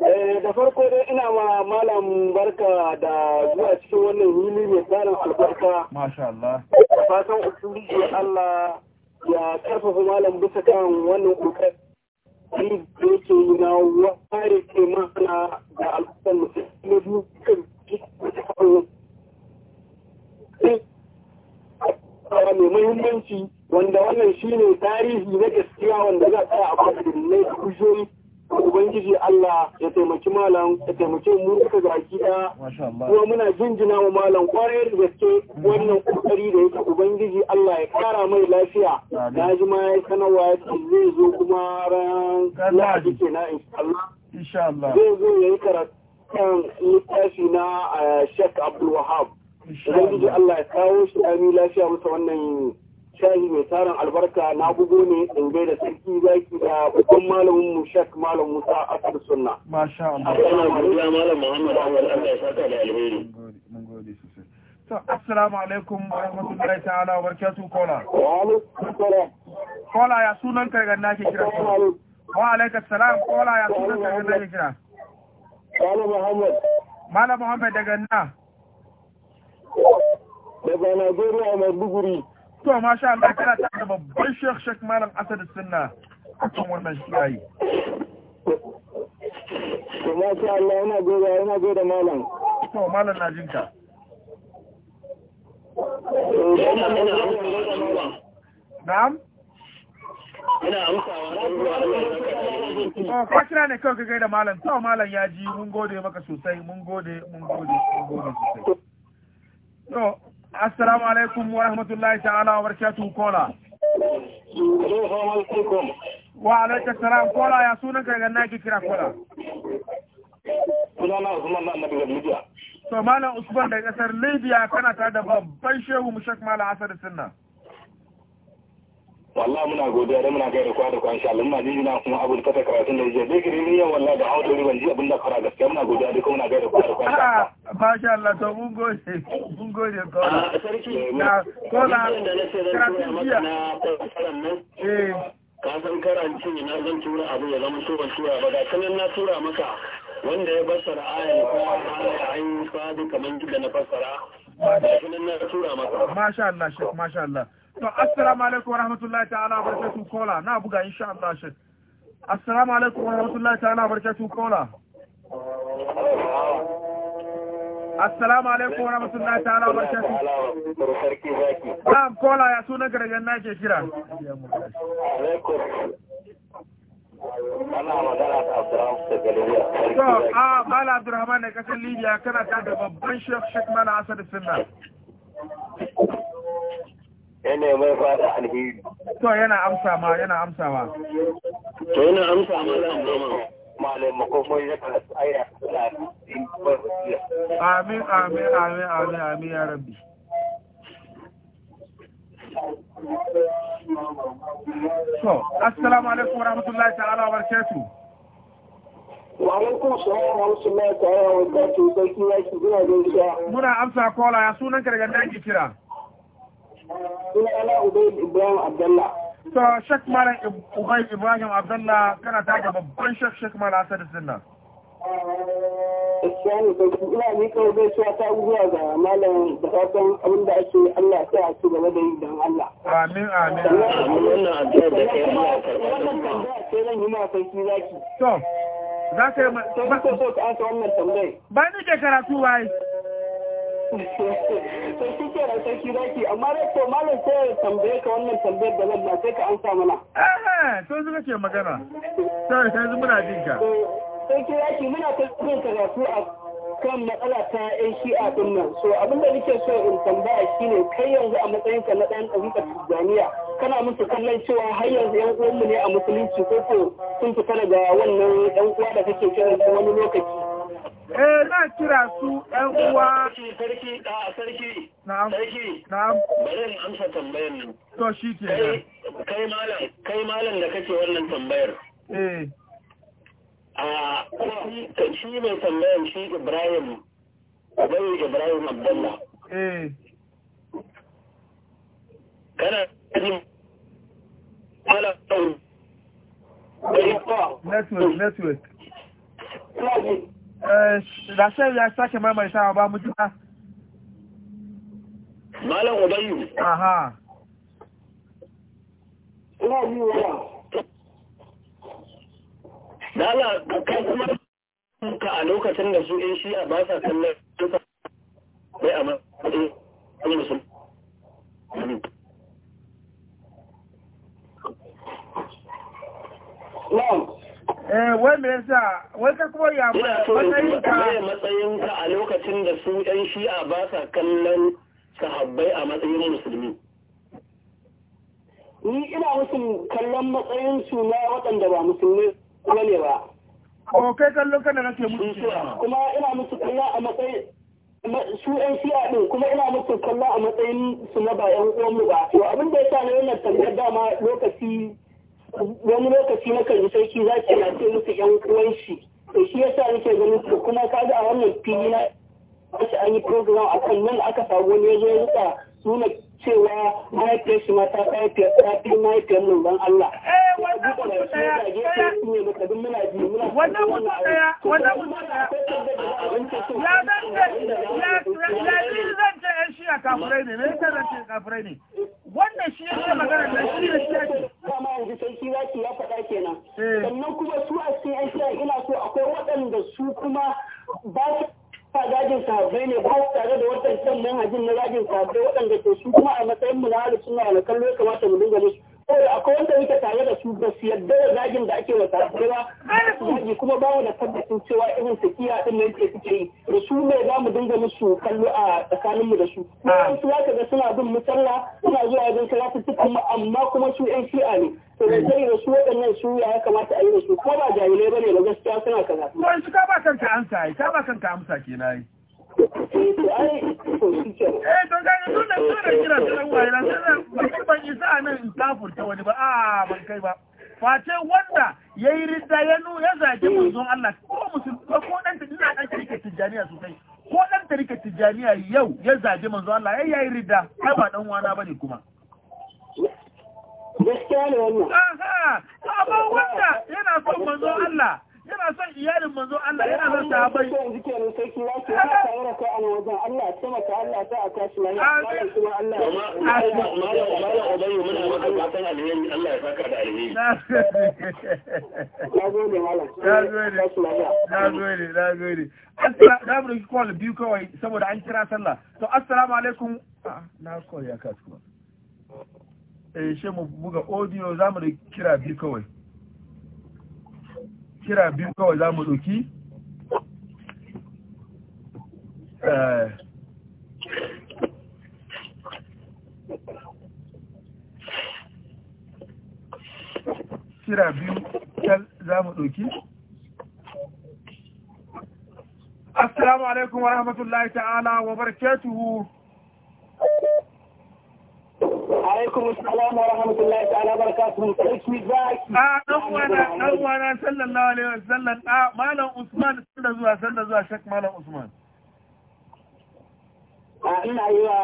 Eh, da farko dai ina ma malam barka da zuwa cikin wannan hili mai tsarin albarka masha Allah da fatan ubangiji Allah ya karfafa malam bisa kan wannan kokari da yake yi na ware ke mana da al'ummar musulmi kan mai muhimmanci wanda wannan shine tarihi na gaskiya wanda za a tsaya a kwanan da ne yi kujoyi ubangiji Allah ya taimaki malam ya taimaki mu duka baki da kuma muna jinjina wa malam kwarai da gaske mm. wannan kokari da yake ubangiji Allah ya kara mai lafiya na ji ma ya sanarwa ya zai zo kuma ran lahadi kenan insha Allah zai zo yayi yi karatun littafi na eh, Sheikh Abdul Wahab ubangiji Allah ya kawo shi ami lafiya mata wannan shayi mai tarin albarka na bugu ne in da sarki zaki da babban malamin mu shak malam musa asar sunna masha Allah Allah malam Muhammad Ahmad Allah ya saka da alheri mun gode sosai to assalamu alaikum wa rahmatullahi ta'ala wa barakatuh kola wa alaikum kola ya sunan kai ga nake kira wa alaikum salam kola ya sunan kai ga nake kira malam Muhammad malam Muhammad daga na daga Najeriya Maiduguri to masha Allah kana ta da babban Sheikh Sheikh Malam Asad Sunna cikin wannan shiyayi to masha Allah ina goda ina goda malam to malam na jinka Na'am? Ina amsawa. wa ne kawai ka gaida malam. To malam ya ji mun gode maka sosai, mun gode, mun gode, mun gode sosai. To assalamu alaikum wa rahmatullahi ta'ala wa barakatuh kola wa alaikar salam kola ya sunan ka ganna ki kira kola sunana usman na annabi libya to malam usman da kasar libya kana ta da babban shehu mushak mala asad sunna wallahi muna godiya da muna gaida kwa da kwa insha Allah muna jin na kuma abu da ta karatu da yake digiri ni yau wallahi da auto ban ji abin da fara gaskiya muna godiya da kuma muna gaida kwa da kwa insha Allah masha Allah to mun gode mun gode ko ah, eh, na ko la karatun jiya eh ka san karancin ina zan tura abu ya zama so ban tura ba da kanin na tura maka wanda ya fassara ayar ko ayar ayin kaman kamar da na fassara da kanin na tura maka masha Allah shek masha Allah to assalamu alaikum rahmatullahi ta'ala barakatuh kola na buga insha Allah shi assalamu alaikum rahmatullahi ta'ala barakatuh kola assalamu alaikum rahmatullahi ta'ala barakatuh na'am kola ya sunan gargan nake kira Ana magana da Abdurrahman daga Libya. To, a Mala Abdurrahman ne kasan Libya kana ta da babban Sheikh Sheikh Mala Asad Sunna. yana mai fata alheri to yana amsa ma yana amsa ma to yana amsa ma zan gama malam makomai ya karatu aira amin amin amin amin amin ya rabbi So, assalamu alaikum wa rahmatullahi ta'ala wa barakatuh. Wa alaikum salam wa rahmatullahi ta'ala wa barakatuh. Sai kiyaki ina gaishe. Muna amsa kola ya sunan ka daga dangi kira. Suna ana Ubayin Ibrahim Abdullah. To, Sheikh Malam Ubayin Ibrahim Abdullah kana ta ga babban Sheikh Sheikh Malam Asad Sunna. ta sarki ina ne kawai zai suwa ta zuwa ga malam da fatan abin da ake Allah sai a ci gaba da yi don Allah. Amin amin. Wannan addu'a da kai Allah ya karɓa. Wannan tambaya sai zan yi ma sarki zaki. To, za ka yi ma. Sai ka so ka ansa wannan tambayar. Ba ni ke karatu ba sai shi ke da sarki zaki amma dai to malam sai ya tambaye ka wannan tambayar da zan sai ka amsa mana eh to suka ce magana sai yanzu muna jin ka sarki ki, muna ta jin karatu a kan matsala ta yan shi'a din nan so abinda nake so in tambaya shine kai yanzu a matsayin ɗan na dan ɗabi'ar tijjaniya kana musu kallon cewa har yanzu yan uwanmu ne a musulunci ko ko sun fita daga wannan yan uwa da kake kiran wani lokaci Eh na kira su ɗan uwa. Sarki sarki. Sarki. amsa tambayar mu. Kai malam, kai malam da wannan tambayar. Eh. A shi mai tambayar shi Ibrahim. Ibrahim Abdullah. Eh. Kana Network, network. Rashid eh, ya sake maimaitawa ba mutuna. Malam Ubayu. Aha. yi wa. Dala, kai kuma ka a lokacin da su in shi'a ba sa kallon duka mai a matsayin musulmi. Na'am. Eh, wai me yasa wai ka matsayin ka a lokacin da su yan shi'a ba sa kallon sahabbai a matsayin musulmi ni ina musu kallon matsayin su na waɗanda ba musulmi kuma ne ba ko oh, kai kallo nake musu kuma ina musu kallon a matsayin su yan shi'a din kuma ina musu kallon a matsayin su na ba yan uwan mu ba to abin da ya yasa na wannan tambayar dama lokaci wani lokaci na kan yi sarki za ki na ce musu yan uwan shi to shi yasa nake ganin to kuma ga a wannan fili na an yi program a kan nan aka samu wani ya zo ya rika suna cewa mahaifiyar shi mata eh, wannan mutum ɗaya ɗaya wannan mutum ɗaya wannan mutum ɗaya ya zan ce ya zan ce ya shi a kafirai ne zan ce kafirai wannan shi ya magana da shi ake. yanzu sarki zaki ya faɗa kenan. Eh. Sannan kuma su a cikin 'yan ina so akwai waɗanda su kuma ba su ba zagin sahabbai ne ba tare da wata san manhajin na zagin sahabbai waɗanda ke su kuma a matsayin mu na halittu na alƙallo ya kamata mu dinga musu akwai wanda muke tare da su ba su yadda da zagin da ake wata ba zagi kuma ba da tabbacin cewa irin tafiya din ne ke suke yi da su ne za mu dinga musu kallo a tsakanin mu da su kuma ah. su za ga suna bin musalla suna zuwa wajen kalatuttukan mu amma kuma su yan shi'a ne to da sai da su waɗannan su ya kamata a yi da su ko ba jahilai ba ne ba gaskiya suna kaza. Wani su ka ba kanka amsa ai ka ba kanka amsa kenan ai. Eh to gani kira ta dan waye na sai ban isa nan kafurta wani ba a ban kai ba face wanda ya yi ridda ya nu ya zage manzon Allah ko musulmi ko dan ta dina dan tijaniya sosai ko dan tarike tijaniya yau ya zage manzon Allah ya yi ridda kai ba dan wana bane kuma gaskiya ne wannan aha amma wanda yana son manzon Allah yana son iyalin manzo Allah yana son sahabbai na gode call biyu kawai saboda an kira sallah to assalamu alaikum na call ya kasu eh shemu mu buga audio zamu da kira biyu kawai kira biyu kawai za mu ɗauki eh. kira biyu za mu ɗauki assalamu alaikum wa rahmatullahi ta'ala wa barakatuhu alaikum assalam wa rahmatullahi ta'ala barakatuhu sarki zaki a ah, dan wana dan wana sallallahu alaihi wasallam a ah, malam usman sanda zuwa sanda zuwa shek malam usman a ah, ina yi wa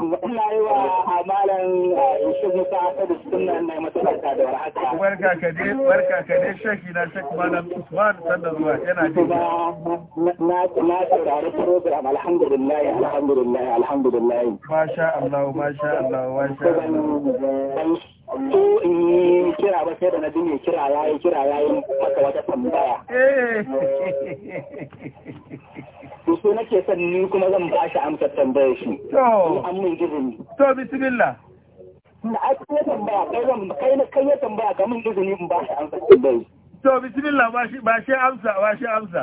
Ina yi wa malam Yusuf eh, Musa Asadu suna na matsalarta da warhaka. Barka ka dai, barka ka dai shaki na shek malam Usman sanda zuwa yana ji. Na na saurari program alhamdulillah alhamdulillah alhamdulillah. Masha Allah masha Allah masha Allah. Ko in yi kira ba sai da na jini kira yayi kira yayi maka wata tambaya. Eh. to so nake son ni kuma zan ba shi amsa tambayar shi to an mun izini to bismillah na aka ya tambaya kai zan kai na kai tambaya ka mun izini in ba shi amsa tambayar to bismillah ba shi ba shi amsa ba shi amsa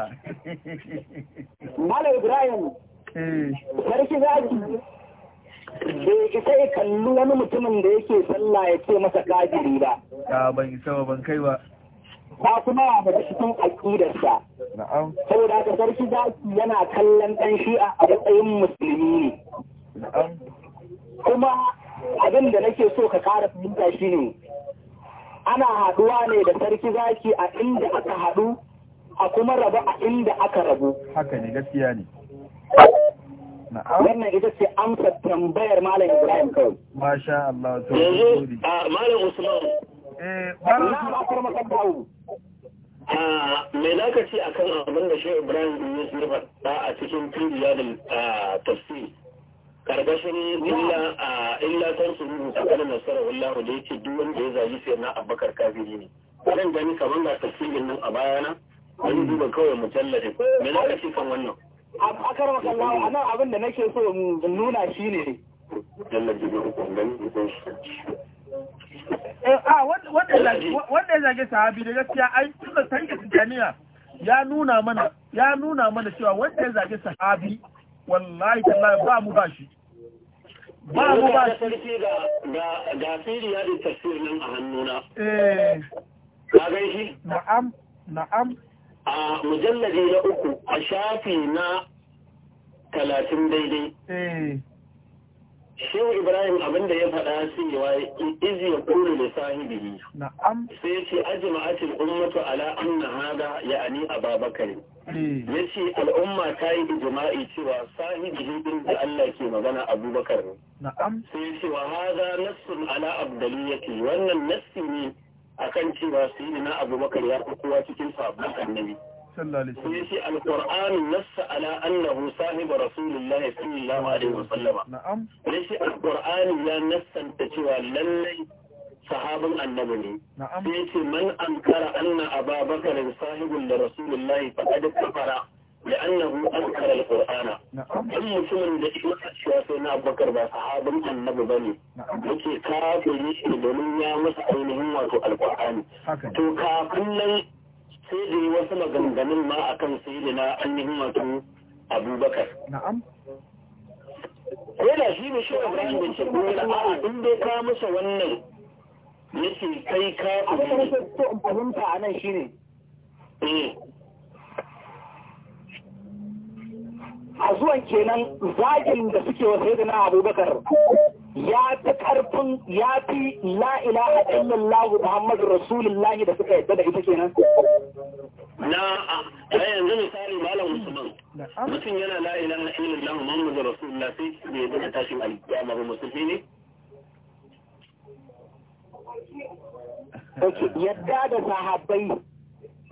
malam ibrahim eh sarki zaki bai isa ya kalli wani mutumin da yake sallah ya ce masa kafiri ba. Ka ah, ban isa ba ban kai ba. ba kuma daga cikin aƙidarsa. Saboda ka sarki zaki yana kallon ɗan shi'a a matsayin musulmi ne. Kuma abin da nake so ka ƙara fahimta shi ne, ana haɗuwa ne da sarki zaki a inda aka haɗu a kuma rabu a inda aka rabu. Haka ne gaskiya ne. Wannan ita ce amsa tambayar Malam Ibrahim kawai. Masha Allah. Yanzu, Malam Usman, mai eh, lokaci a ah, kan abin da shi ibrahim nufa Ba a cikin filiya da ah, tafsi karkashin illa a ah, illa kan su nufin tsakanin nasarar wallahu da yake duk wanda ya zagi sai na abakar kafiri ne wannan gani kamar da tafsirin nan a bayana wani duba kawai mujalladin me na kan wannan a karwa kallahu nan abin da nake so mu nuna shi ne jallabi gani shi Eh, ah, wanda ya zage sahabi da gaskiya ai tunda tanke tijaniya ya nuna mana ya nuna mana cewa wanda ya zage sahabi wallahi tallahi ba mu ba shi ba mu ba shi ga ya siriya da tafsir nan a hannuna eh ka ga shi na'am na'am a mujalladi na uku a shafi na talatin daidai eh. shehu ibrahim abinda ya faɗa cewa izi ya kulu da sahibihi na'am sai ce ajma'atul ummatu ala anna hada ya'ni eh. Ya ce al'umma ta yi ijma'i cewa sahibi din da Allah ke magana abubakar na'am sai ce wa hada nassun ala abdaliyati wannan nassi ne akan cewa sayyidina abubakar ya fi kowa cikin sabbin annabi sai shi alƙur'anin nassa ala annahu sahibu rasulullahi sallallahu alaihi wasallama na'am alƙur'ani ya nasanta cewa lallai sahaban annabi ne sai ce man ankara anna ababakar sahibun da rasulullahi faqad kafara لأنه أذكر القرآن أي مسلم da shi masa cewa sai na Abubakar ba sahabin annabi bane yake kafiri shi domin ya masa ainihin wato alqur'ani to kafin nan sai da yi wasu maganganun ma a kan an ainihin wato abubakar na'am ko da shi ne shi ibrahim shi ko da a'a in dai ka masa wannan nake kai ka abin da nake so in fahimta a nan shine eh a zuwan kenan zagin da suke wa na abubakar ya fi karfin ya fi la ilaha illallah muhammadu rasulullahi da suka yadda da ita kenan na a yanzu misali malam musulman mutum yana la ilaha illallah muhammadu rasulullahi sai bai yadda da tashin alkiyama ba musulmi ne yadda da sahabbai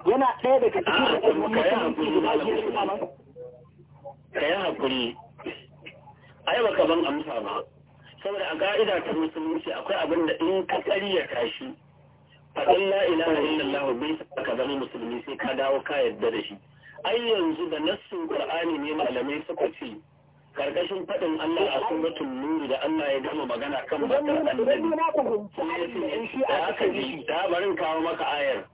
yana ɗaya daga cikin musulmi da ke da ka yi haƙuri ai ban amsa ba saboda a ƙa'ida ta musulunci akwai abin da in ka ƙaryata shi faɗin la ilaha illallah bai sa ka zama musulmi sai ka dawo ka yadda da shi ai yanzu da nassin qur'ani ne malamai suka ce karkashin faɗin Allah a suratul nur da Allah ya gama magana kan bakar annabi da aka ji da barin kawo maka ayar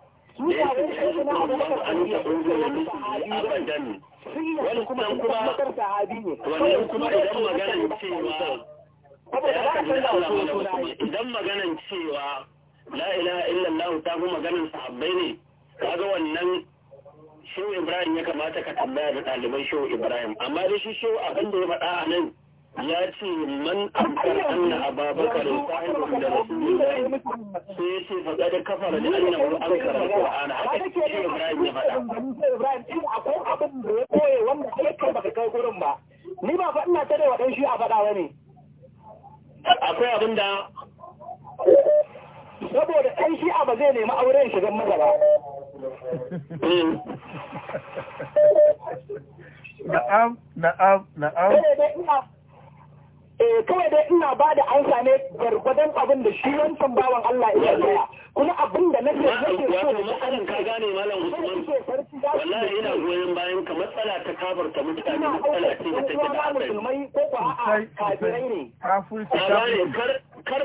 wani kuma idan maganar cewa idan maganan cewa la ilaha illallah ta fi maganan sahabbai ne kaga wannan shehu ya kamata ka tambaya da ɗaliban shehu amma da shi shehu abin da faɗa a nan ya ce man amkar anna ababakar da rasulullahi sai ce faɗa da da an qur'an haka shehu ibrahim da ya kai baka ba ni ba faɗina ta da waɗansu a faɗa wani akwai abin da saboda ɗan shi'a ba zai nemi auren shigan maza ba na'am na'am na'am eh kawai dai ina ba da ansa ne gargwadon abin da shi wancan bawan Allah ya tsaya kuma abin da nake nake so wato matsalan ka gane malam Usman wallahi ina goyon bayan ka matsala ta kafarta mutane matsala ce ta take da musulmai ko ko a'a kafirai ne kafirci kar kar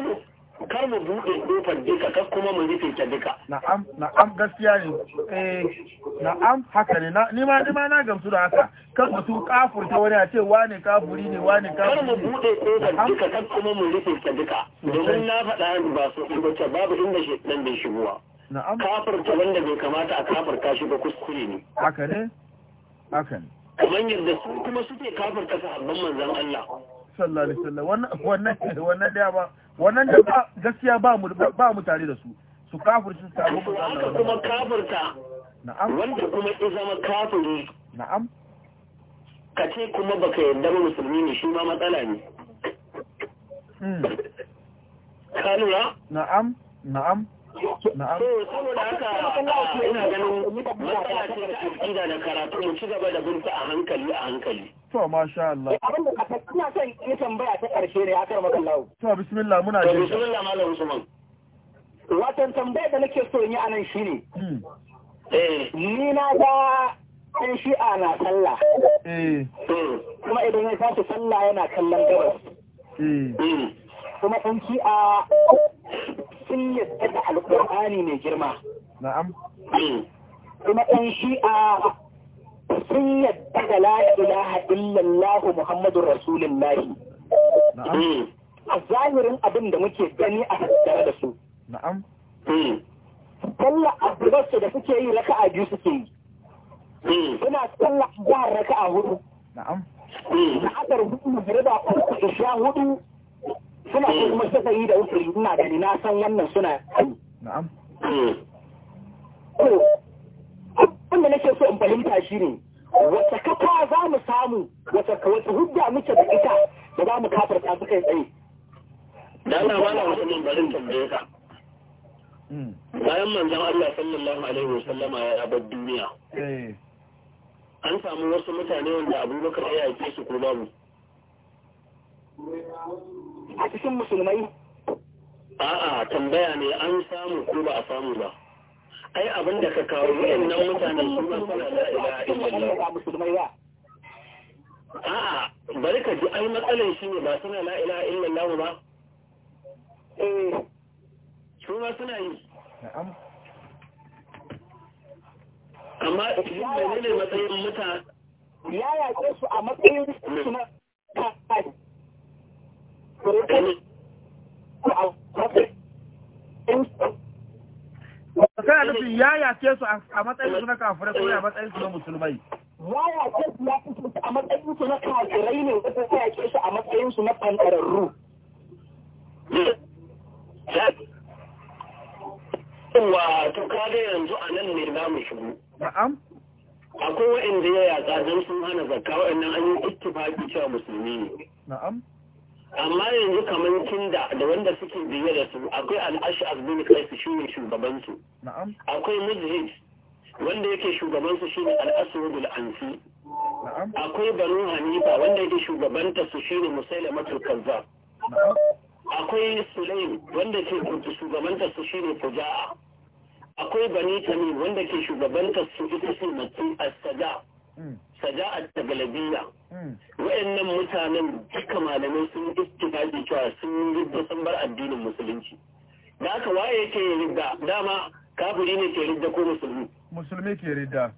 kar mu buɗe kofar duka kar kuma mu rufe ta duka na'am na'am gaskiya ne eh na'am haka ne na ni ma ni ma na gamsu da haka kar kafur ta wani a ce wane kafuri ne wane kafuri kar mu buɗe kofar duka kar kuma mu rufe ta duka domin na faɗa yanzu ba su ta babu inda shi dan bai shigowa na'am ta wanda bai kamata a ka shi ba kuskure ne haka ne haka ne kamar yadda su kuma suke sa abban manzon Allah sallallahu alaihi wasallam wannan wannan daya ba wannan da ba gaskiya ba mu ba mu tare da su su kafirci su tabu ba kuma kafirta na'am wanda kuma in zama kafiri na'am ka ce kuma baka yarda ba musulmi ne shi ma matsala ne hmm. ka lura na'am na'am saboda haka ina ganin da karatu mu ci gaba da binta a hankali a hankali. To masha Allah. Eh, abin da ka ina son yi tambaya ta ƙarshe ne akar makallahu. To bismillah muna jin. Bismillah malam Usman. Watan tambayar da nake so yi anan shine. Hmm. Eh. Ni na ga ɗan shi'a na sallah. Eh. Hmm. Kuma idan ya tashi sallah yana kallon gabas. Hmm. Kuma ɗan a. sun yadda da alƙur'ani mai girma na'am kuma ɗan shi'a sun yadda da la ilaha illallah muhammadun rasulullahi eh, a zahirin abin da muke gani a tattare da su na'am eh, sallah abdubarsu da suke yi raka a biyu suke yi eh. suna sallah jihar raka a hudu na'am na asar hudu magariba uku hudu suna so kuma suka yi da wuturi ina gani na san wannan suna yi ko wanda nake so in fahimta shi ne wata kafa za mu samu wata wata hujja muke da ita da za mu kafar ta suka tsaye da na wala wata min barin tambaye ka hmm. bayan manzon Allah sallallahu alaihi wasallam ya bar duniya eh. an samu wasu mutane wanda Abubakar ya yake su ko babu a cikin musulmai a'a tambaya ne an samu ko ba a samu ba ai abin da ka kawo nan mutane sun ba suna da a illallah a'a bari ka ji ai matsalar shi ne ba suna la'ila ilaha illallah ba eh su suna yi Amma amma shi ne matsayin mutane ya yaƙe su a matsayin su na Kana nufin ya yace su a matsayin su na kafirai ko a matsayin su na musulmai. Ya yace su ya fi su a matsayin su na kafirai ne ko ya yace su a matsayin su na fantararru. Wa to kaga yanzu a nan ne za mu shigo. Na'am. Akwai wa'inda ya yatsa don sun hana zakka wa'annan an yi ittifaqi cewa musulmi ne. Na'am. amma yanzu kamar kinda da wanda suke biye da su akwai a bin kaisu shi ne shugabansu akwai mujahid wanda yake shugabansu shi ne al'asudul ansi akwai banu hanifa wanda yake shugabanta su shi ne musaila kaza akwai sulaim wanda ke shugabanta su shi ne fuja'a akwai bani tamim wanda ke shugabanta su ita ce a as Mm. saja'at a tagalabiya. Mm. wayannan mutanen duka malamai sun ittifaqi cewa sun yi sun bar addinin musulunci da aka waye yake ridda dama kafiri ne ke ridda ko musulmi musulmi ke ridda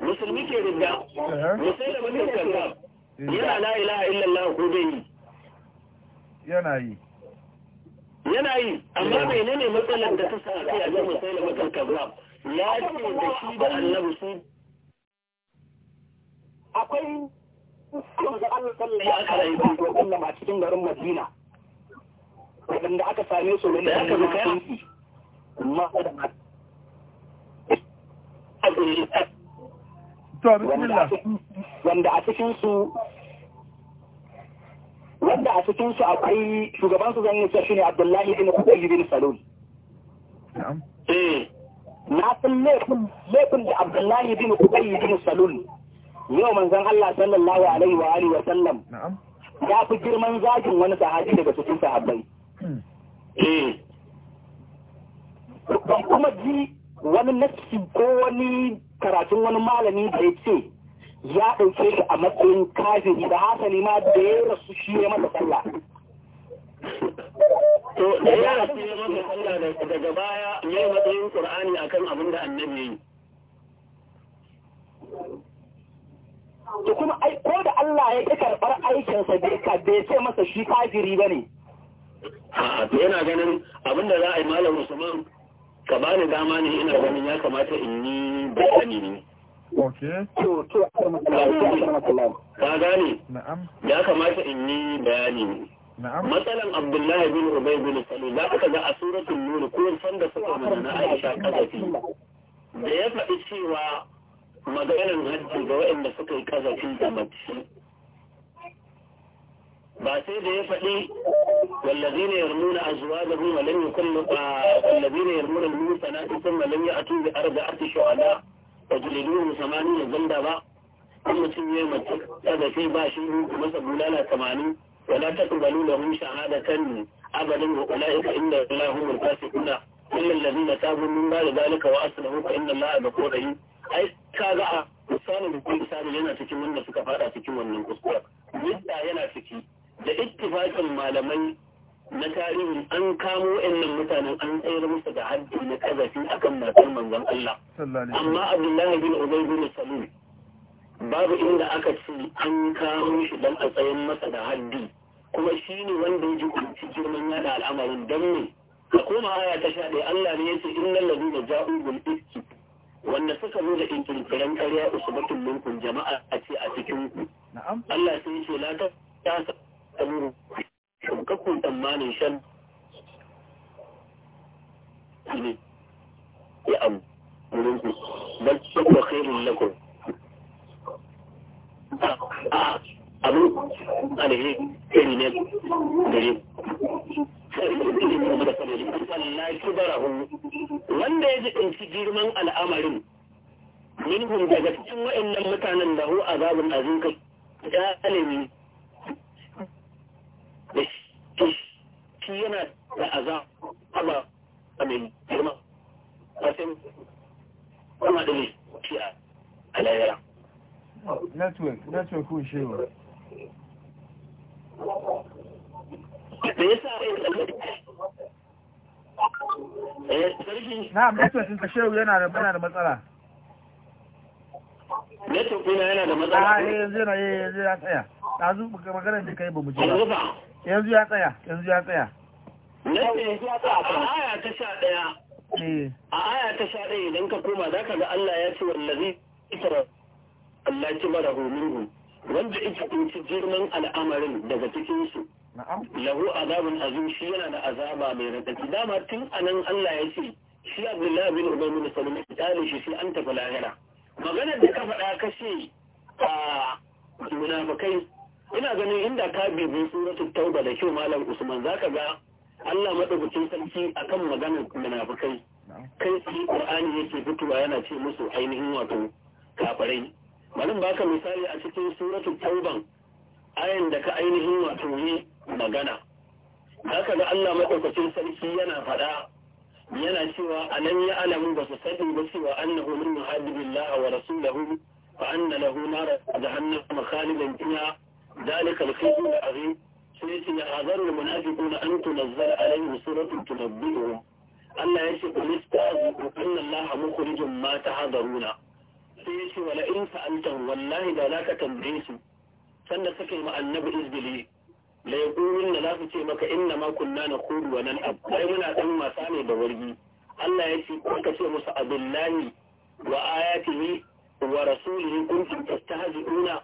musulmi ke ridda uh-huh. musulmi ke ridda yana la ilaha illallah ko bai yi yana yi yana yi amma menene matsalar da ta sa kai a ga musulmi ke ba? ya ce da shi da annabi sun akwai da Allah sallallahu alaihi wa sallam a cikin garin Madina wanda aka same su wanda aka zuka wanda a cikin su wanda a cikin su akwai shugaban su zanyi shi ne Abdullahi bin Ubay bin Salul eh na san laifin da Abdullahi bin Ubay bin Salul yau manzan Allah sallallahu alaihi wa alihi wa sallam ya fi girman zagin wani sahabi daga cikin sahabbai hmm. eh ban kuma ji wani nassi ko wani karatun wani malami da ya ce ya ɗauke shi a matsayin kafiri da hasali ma da ya rasu shi ya masa sallah to da ya rasu ya masa sallah daga baya ya matsayin qur'ani akan abin da annabi ya yi to kuma ko da Allah ya ƙi karɓar sa bai ka bai ce masa shi kafiri ba ne. to yana ganin abin da za a yi malam Usman ka ba ni dama ne ina ganin ya kamata in yi bayani ne. To to ka gane ya kamata in yi bayani ne. Matsalan Abdullahi bin Ubay bin Salu za ka ga a suratul Nur ko sanda suka mana na Aisha kazafi da ya faɗi cewa maganin hajji ga waɗanda suka yi kazafin da mace ba sai da ya faɗi wallazi ne yarmu na azuwa da mu malam ya kullu wallazi ne yarmu na musa na sun malam ya atu bi arda arti shu'ala wa mu samani da zanda ba in mutum ya mace kazafi ba shi ne kuma sabulala samani wala taqbalu lahum shahadatan abadan wa ulaika inda lahum al-fasiquna illa alladhina tabu min ba'di dhalika wa aslahu fa inna allaha da rahim ai kaga a da kun sani yana cikin wanda suka fada cikin wannan kuskure yadda yana ciki da ittifaqin malamai na tarihi an kamo wa'annan mutanen an tsayar musu da haddi na kazafi akan matar manzon Allah amma Abdullahi bin Ubay bin Salul babu inda aka ce an kamo shi dan a tsayin masa da haddi kuma shi ne wanda ya kunci girman yada al'amarin don ne ka koma aya ta sha ɗaya Allah ne ya ce in da ja'u bil iski wanda suka zo da inkirkiran karya usbatun minkum jama'a a ce a cikin ku Allah sai ce la ta ta samu shukakun tsammanin shan ne ya amurin ku bal shukwa khairun lakum abin alheri ne gare ku da kuma ta'ala kibarahu wanda ya ɗinci girman al'amarin minhum daga cikin waɗannan mutanen da hu azabun azim ka ɗalimi da shi yana da azaba a mai girma wasan kuma da shi a alayara network ko shewa da eh sarki na mutum sun kashe yana da bana da matsala network ɗina yana da matsala a ah, eh, yanzu yana eh, yanzu ya tsaya yanzu maganar da kai ba mu ji yanzu ya tsaya yanzu ya tsaya yanzu ya tsaya a aya ta ɗaya eh. a aya ta sha ɗaya idan ka koma za ka ga Allah ya ce wallazi isra Allah ki mara hominhu wanda ita kunci girman al'amarin daga cikinsu lahu azabun azim shi yana da azaba mai radadi dama tun anan Allah ya ce shi Abdullahi bin Ubay bin Salul ya shi sai an tafi lahira maganar da ka faɗa ka ce a munafikai ina ganin inda ka bibi suratul tauba da kyau malam Usman zaka ga Allah madaukakin sarki akan maganar munafikai kai sai Qur'ani yake fitowa yana ce musu ainihin wato kafirai bari baka misali a cikin suratul tauban bayan da ka ainihin wato yi magana haka da Allah maɗaukacin sarki yana faɗa yana cewa nan ya alamu ba su sani ba cewa annahu min muhadibillah wa rasulahu fa anna lahu nara jahannam khalidan fiha dalika al-khizyu al-azim sai ce ya hazaru al-munafiquna an tunazzala alaihim suratun tunabbihu Allah ya ce qul istazu anna Allah mukhrijum ma tahadharuna sai ce wala in sa'altahum wallahi da zaka tambaye su sannan suke ma annabi izbili la yaqulun la za ce maka inna ma kunna naqulu wa abu. ai muna dan wasa ne da wargi Allah ya ce ko ka ce musu abillahi wa ayatihi wa rasulihi kuntum tastahzi'una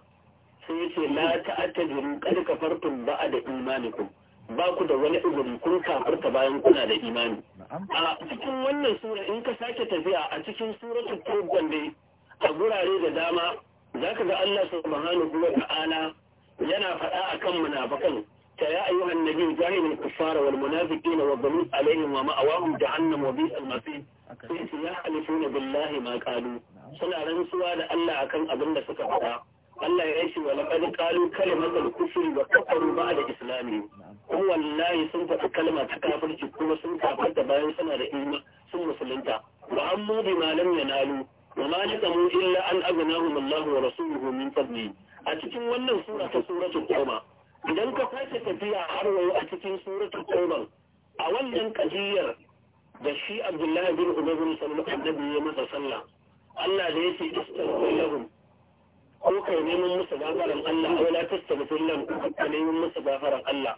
sai ce la ta'tajiru qad kafartum ba'da imanikum ba ku da wani uzuri kun kafarta bayan kuna da imani a cikin wannan sura in ka sake tafiya a cikin suratul tawbah da a gurare da dama za ka ga Allah subhanahu wa ta'ala yana faɗa akan munafakan ta ya ayyuhan nabi jahilul kuffara wal munafiqina wa ghalib alaihim wa ma'awahum jahannam wa bi'sal masir sai ya halifuna billahi ma qalu suna rantsuwa da Allah akan abin da suka faɗa Allah ya yi wa laqad qalu kalimatul kufri wa kafaru ba'da islami ko wallahi sun faɗi kalma ta kafirci kuma sun kafarta bayan suna da imani sun musulunta wa amma bima lam yanalu wa ni naqamu illa an aghnahum Allah wa rasuluhu min fadli a cikin wannan sura ta suratul tauba idan ka kwace tafiya har wayo a cikin suratul tauba a wannan kadiyar da shi Abdullahi bin Ubay bin Salul annabi ya masa sallah Allah da yake istaghfir lahum ko kai neman musu gafaran Allah ko la tastaghfir lahum ko ka neman musu gafaran Allah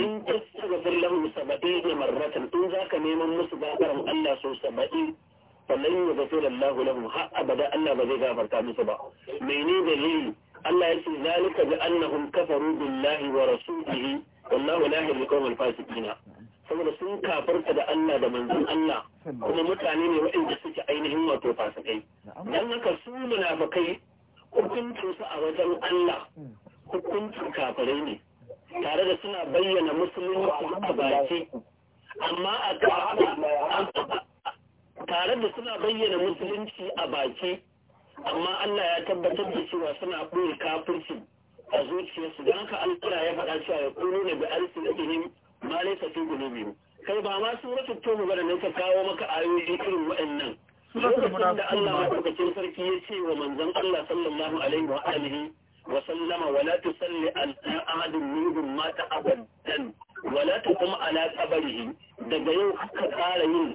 in tastaghfir lahum sab'ina marratan in zaka neman musu gafaran Allah so sab'in falan ya zafi lallahu lahum har abada Allah ba zai gafarta musu ba mene dalili Allah ya ce zalika bi annahum kafaru billahi wa rasulihi wallahu la yahdi al fasiqina saboda sun kafarta da Allah da manzon Allah kuma mutane ne waɗanda suke ainihin wato fasikai dan haka su munafikai hukuncin su a wajen Allah hukuncin kafirai ne tare da suna bayyana musulunci a baki amma a kafa tare da suna bayyana musulunci a baki amma Allah ya tabbatar da cewa suna ɓoye kafirci a zuciyarsu don haka Allah ya faɗa cewa ya ƙoro na bi'ar su da ihim ma laisa fi kai ba ma sun rasa tuhu ba da ka kawo maka ayoyi irin waɗannan lokacin da Allah madaukakin sarki ya ce wa manzon Allah sallallahu alaihi wa alihi wa sallama wala tusalli ala ahadin minhum mata abadan wala taqum ala qabrihi daga yau ka kara yin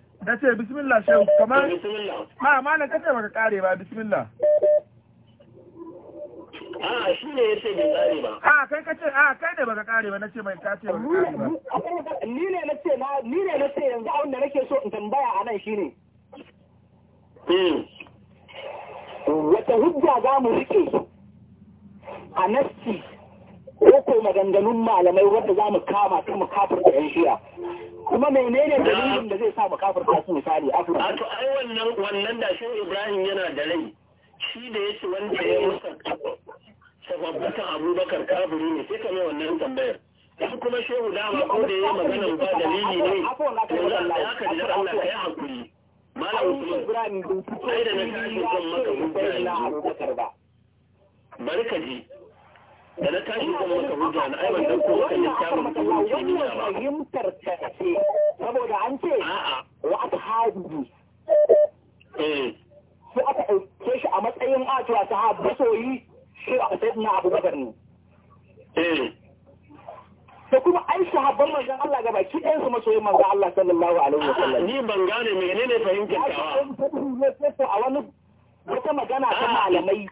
na ce bismillah shehu kamar a malam kace maka kare ba bismillah Ah, shi ne ya ce bai kare ba a kai kace a kai ne baka kare ba na ce mai kace baka kare ba ni ne na ce na ni ne na ce yanzu abin da nake so in tambaya a nan shine hmm. wata hujja za mu rike a nasti ko ko maganganun malamai wanda za mu kama ta mu kafir da yan shiya kuma menene dalilin da zai sa mu ta su misali afirka a to ai wannan wannan da shi Ibrahim yana da rai shi da ci wanda ya musa sababbatan Abubakar kafiri ne sai kamar wannan tambayar yanzu kuma shehu dama ko da ya magana ba dalili ne yanzu ka ji Allah yi hakuri malam Usman Ibrahim da na maka bari ka ji da na tashi zan maka hujja na aiwan da ko kan littafin da wani ke nuna ba fahimtar ta ce saboda an ce wa ashabi eh sai aka ɗauke shi a matsayin a cewa haɗu, masoyi shi a sayyidina Abu Bakar ne da kuma ai sahabban manzon Allah ga baki ɗayan su masoyin manzon Allah sallallahu alaihi wa sallam ni ban gane menene fahimtar ta ba a wani wata magana ta malamai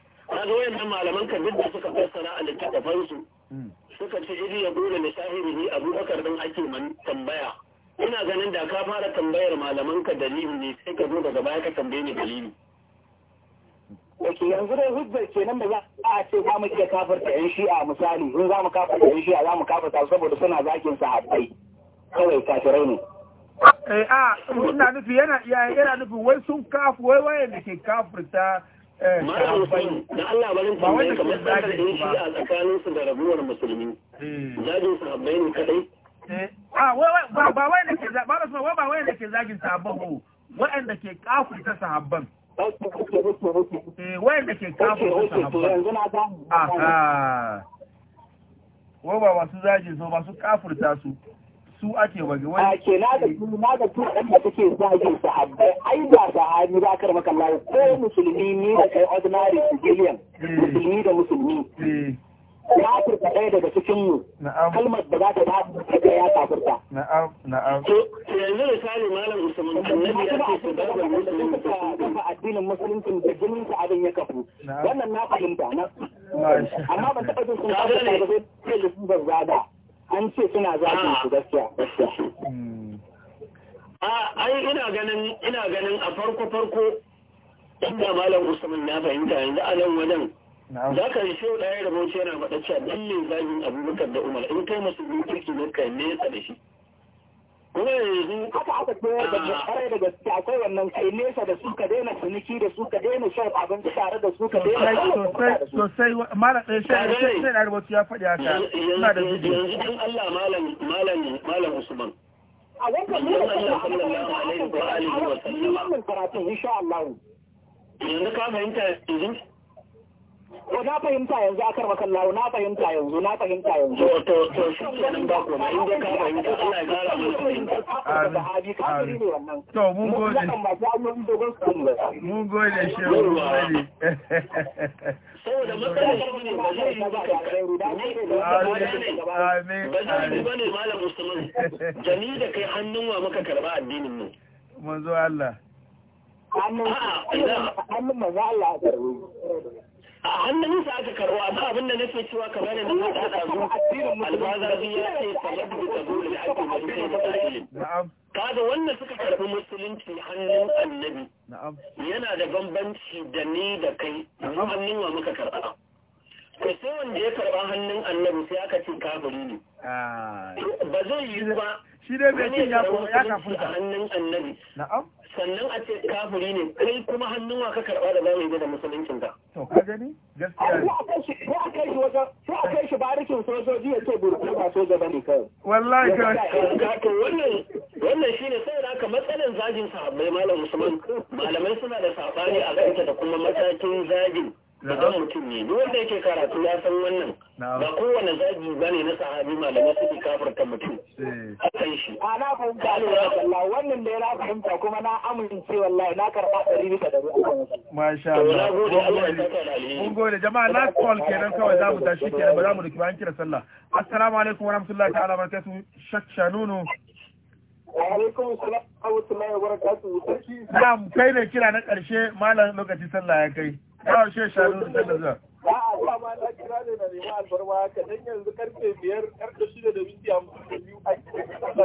kaga wayannan malaman kan duk da suka fassara a littattafan su suka ce iri ya dole ne sahibi bakar din ake man tambaya ina ganin da ka fara tambayar malaman ka dalili ne sai ka zo daga baya ka tambaye ni dalili Wace yanzu dai hujjar kenan da za a ce za mu iya kafarta yan shi'a misali in za mu kafarta yan shi'a za mu kafarta saboda suna zakin sa haɗai kawai kafirai ne. Eh a ina nufi yana yana nufin wai sun kafu wai wayan da ke kafirta Eh, Malam Hussein, da Allah barin tambaye ka matsalar ɗin shi a tsakaninsu da rabuwar musulmi. Hmm. Zagin sahabbai ne kaɗai. Eh, ba wai da ke ba wai da ke zagin sahabban ko waɗanda ke kafurta sahabban. Eh, waɗanda ke kafurta sahabban. Aha. Wa ba masu zagin su masu kafurta su. su ake waje wani ke na da su na da su da kake zagin sahabbai ai ba sahabi ba kar maka Allah ko eh. musulmi ne da kai ordinary civilian eh. musulmi da musulmi eh. ya furta ɗaya daga cikinmu kalmar da za ta ba ta kai ya kafurta. Na'am, na'am. To, yanzu misali malam Usman annabi ya ce su dabar musulmi da kafa addinin musulunci da jinin sa abin ya kafu. Wannan na fahimta na. Amma ban taɓa jin sun kafa da zai kai da sun zazzada. an ce suna zafin su gaskiya a ah, ina ganin ina ganin a farko farko inda malam usman na fahimta yanzu a nan wajen za ka yi shau ɗaya da bauchi yana faɗa cewa ɗan ne zagin abubakar da umar in kai masu kirki ne ka nesa da shi kuma yanzu haka aka koyar da ah. da gaske akwai wannan kai nesa da su ciniki da su da su sosai sosai ɗaya sai sai sai da rubutu ya faɗi haka ina da yanzu dan Allah malam malam malam Usman a wannan ne sallallahu alaihi wa alihi wa sallam karatun insha Allah yanzu ka fahimta yanzu Ko na fahimta yanzu akar makallawo na fahimta yanzu na fahimta yanzu. To to to shi kenan ba ko ka fahimta Allah ya gara mu fahimta. Sahabi ka ne wannan. To mun gode. Mun gode shehu Muhammadi. Saboda matsalar ne ba zai yi ba ka kai Amin. Ba zai yi bane malam Musulmi. Jami kai hannun wa muka karba addinin mu. Manzo Allah. Hannun hannun manzo a hannun sa aka karwa amma abin da nake cewa kamar da na faɗa zu albazabi ya ce fayyadu da dole da ake mai misali kaga wanda suka karbi musulunci hannun annabi yana da bambanci da ni da kai hannun wa muka karɓa da sai wanda ya karɓa hannun annabi sai aka ce kafiri ne ba zai yi ba shi dai bai cin ya kafinta a hannun annabi sannan a ce kafiri ne kai kuma hannun wa ka karɓa da zamani da musuluncin ka to ka gani gaskiya ko a kai shi wajen ko a kai shi barikin sojoji ya ce burku ba soja bane kawai wallahi ka wannan wannan shine sai da ka matsalan zagin sahabbai malam musulman. malamai suna da sabani a kanta da kuma matakin zagin babban mutum ne duk wanda yake karatu ya san wannan ba kowane zagi ba ne na sahabi malamai suke kafarta mutum eh. akan shi a na fahimta ne kalla wannan da ya fahimta kuma na amince wallahi na karɓa ɗari bisa ɗari masha Allah mun gode jama'a last call kenan kawai za mu tashi kenan ba za mu duki ba an kira sallah assalamu alaikum wa rahmatullahi ta'ala barakatuhu shak shanunu alaikum salam wa rahmatullahi wa barakatuhu na'am kai ne kira na ƙarshe malam lokacin sallah ya kai ya she shanu da Ba a ba ma na kira ne na nema albarma haka dan yanzu karfe biyar karfe shida da minti hamsin da biyu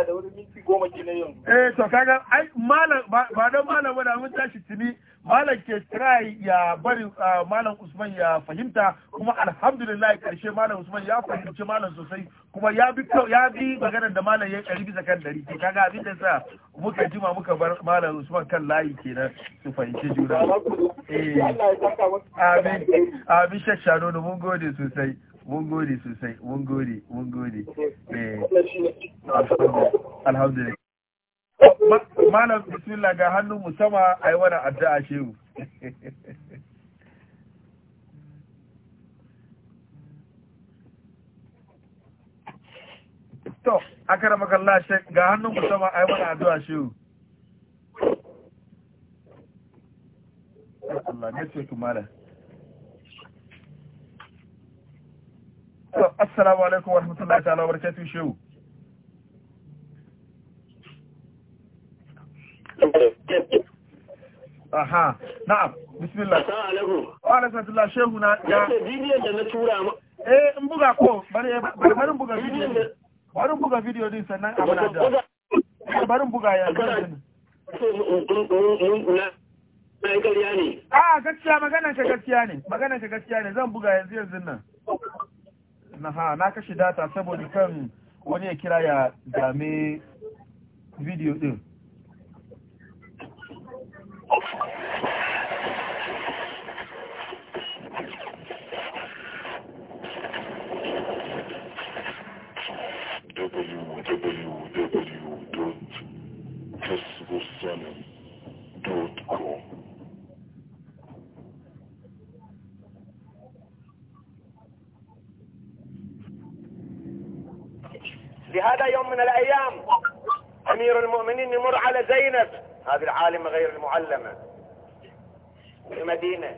a da wani minti goma kenan yanzu eh to kaga ai malam ba don malam ba da mun tashi tuni malam ke try ya bari malam usman ya fahimta kuma alhamdulillah karshe malam usman ya fahimci malam sosai kuma ya bi ya bi maganar da malam ya karbi bisa kan dari ke kaga abin da sa muka jima muka bar malam usman kan layi kenan su fahimci juna eh amin amin shashano mun gode sosai mun gode sosai mun gode mun gode eh alhamdulillah malam bismillah ga hannun mu sama a yi wani addu'a shehu to akara makalla shek ga hannun mu sama a yi wani addu'a shehu Allah ne ce to Assalamu alaikum warahmatullahi ta'ala wa barakatuh shehu aha na'am bismillah assalamu alaikum wa rahmatullahi shehu na ya bidiyon da na tura ma eh in buga ko bari bari buga bidiyon bari buga bidiyo din sannan a mana da bari buga ya na ƙarya gaskiya ka gaskiya ne maganar ka gaskiya ne zan buga yanzu yanzu nan na ha na kashe data saboda kan wani ya kira ya dame bidiyo din www.kasbusanem.com في هذا يوم من الأيام أمير المؤمنين يمر على زينب هذه العالمة غير المعلمة في المدينة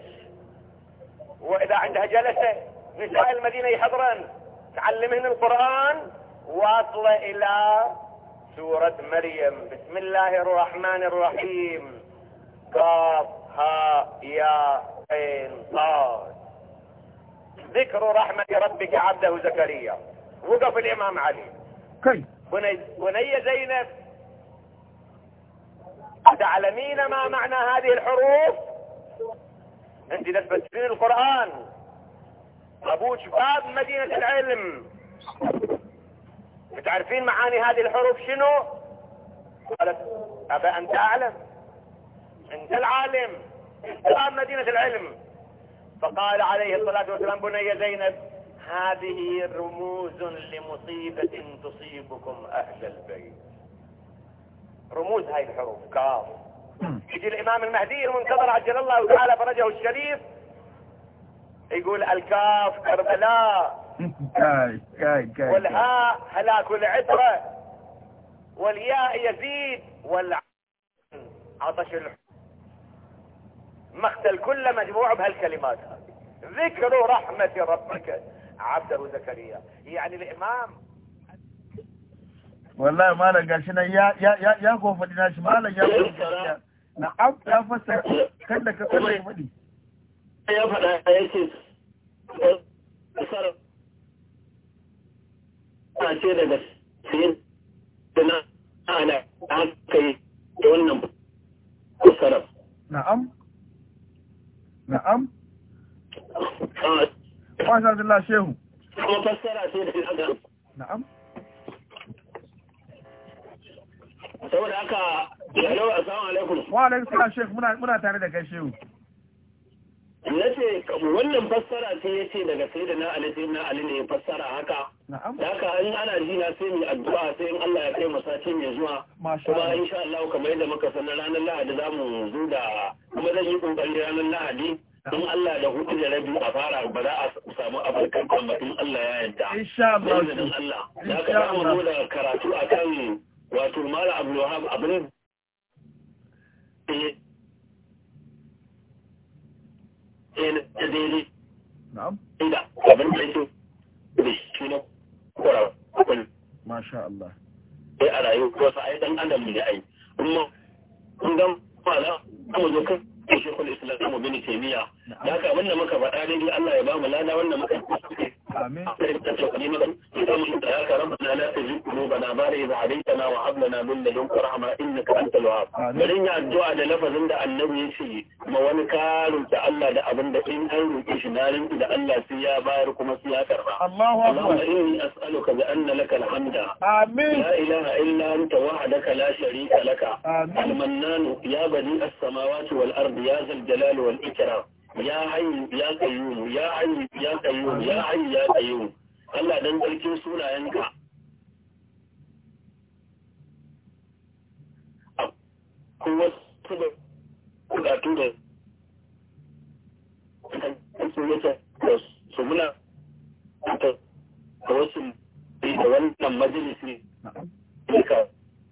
وإذا عندها جلسة نساء المدينة يحضرن تعلمهن القرآن واصلة إلى سورة مريم بسم الله الرحمن الرحيم قاف ها يا عين صاد ذكر رحمة ربك عبده زكريا وقف الإمام علي كيف بني, بني زينب تعلمين ما معنى هذه الحروف انت تثبتين القرآن ابوك باب مدينة العلم انت معاني هذه الحروف شنو قالت ابا انت اعلم انت العالم الان مدينة العلم فقال عليه الصلاة والسلام بني زينب هذه رموز لمصيبة تصيبكم اهل البيت رموز هاي الحروف كاف يجي الامام المهدي المنتظر عجل الله تعالى فرجه الشريف يقول الكاف كربلاء والهاء هلاك العترة والياء يزيد والعين عطش مقتل كل مجموع بهالكلمات ذكر رحمة ربك عبده زكريا يعني الإمام والله ما لقى شنو يا يا يا يا خوف ديناش ما لقى نعم يا فسر كدك كدك يا فدي يا فدي يا سيد ta ce daga sayin na ana haka yi da wannan sarraf. Na'am? Na'am? Kwasa ah. Abdullah Shehu. Kuma fassara ce da daga. Na'am? Saboda haka, a assalamu alaikum. Wa alaikum suna Shehu, muna tare da kai Shehu. Na ce, wannan fassara ce ya ce daga sai da na Ali na Ali ne fassara haka. Da haka in ana jina sai mu addu'a sai in Allah ya kai masace mai zuwa. Kuma insha Allah kamar yadda muka sanar ranar Lahadi za mu zo da kuma zan yi kokari ranar Lahadi in Allah da hudu da rabi a fara ba za a samu abarkan kan in Allah ya yarda. Insha Allah. Da haka za mu zo da karatu akan wato Mala Abdul Wahab abin eh, eh, eh, Na'am. Ina abin da yake da shi na kora masha Allah sai a rayu ko sa yi dan adam ne ai kuma kun ga fara mu je kan shekul islam bin taymiya da haka wannan muka faɗa dai Allah ya ba mu lada wannan muka آمين يا ربنا لا تزغ قلوبنا بعد إذ هديتنا وهب لنا من لدنك رحمة إنك أنت الوهاب garin ya addu'a da lafazin da annabi ya ce kuma wani karin ta Allah da abin da in an roƙe shi na rinki da Allah sai ya bayar kuma sai ya karba Allahu akbar inni as'aluka bi anna laka alhamda amin la ilaha illa anta wahdaka la sharika laka al-mannan ya badi as-samawati wal ardi ya zal jalali wal ikram ya hayyu ya qayyum ya hayyu ya qayyum ya hayyu ya qayyum Allah dan dalkin sunayenka akwai su da kudatu da su yake da su muna a wasu da wannan majalisi ne ka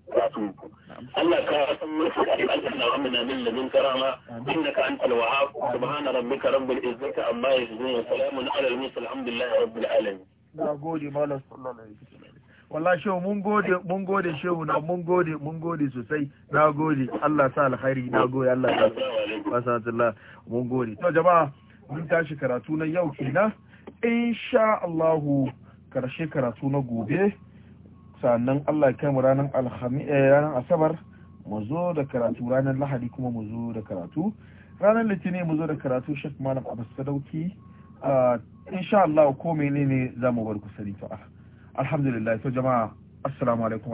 Allah ka Allah na min ladun karama innaka antal wahhab subhana rabbika rabbil izzati amma yasifun wa salamun ala al mursalin alhamdulillahi rabbil alamin na gode malam sallallahu alaihi wasallam wallahi shehu mun gode mun gode shehu na mun gode mun gode sosai na gode Allah sa alkhairi na gode Allah sa wasallam mun gode to jama'a mun tashi karatu na yau kenan insha Allah karshe karatu na gobe sannan Allah kai mu ranar eh, ranar asabar mu zo da karatu ranar lahadi kuma mu zo da karatu ranar litinin mu zo da karatu shek malam abbas sadauki ah, insha Allah ko menene za mu bar ku sani to alhamdulillah to jama'a assalamu alaikum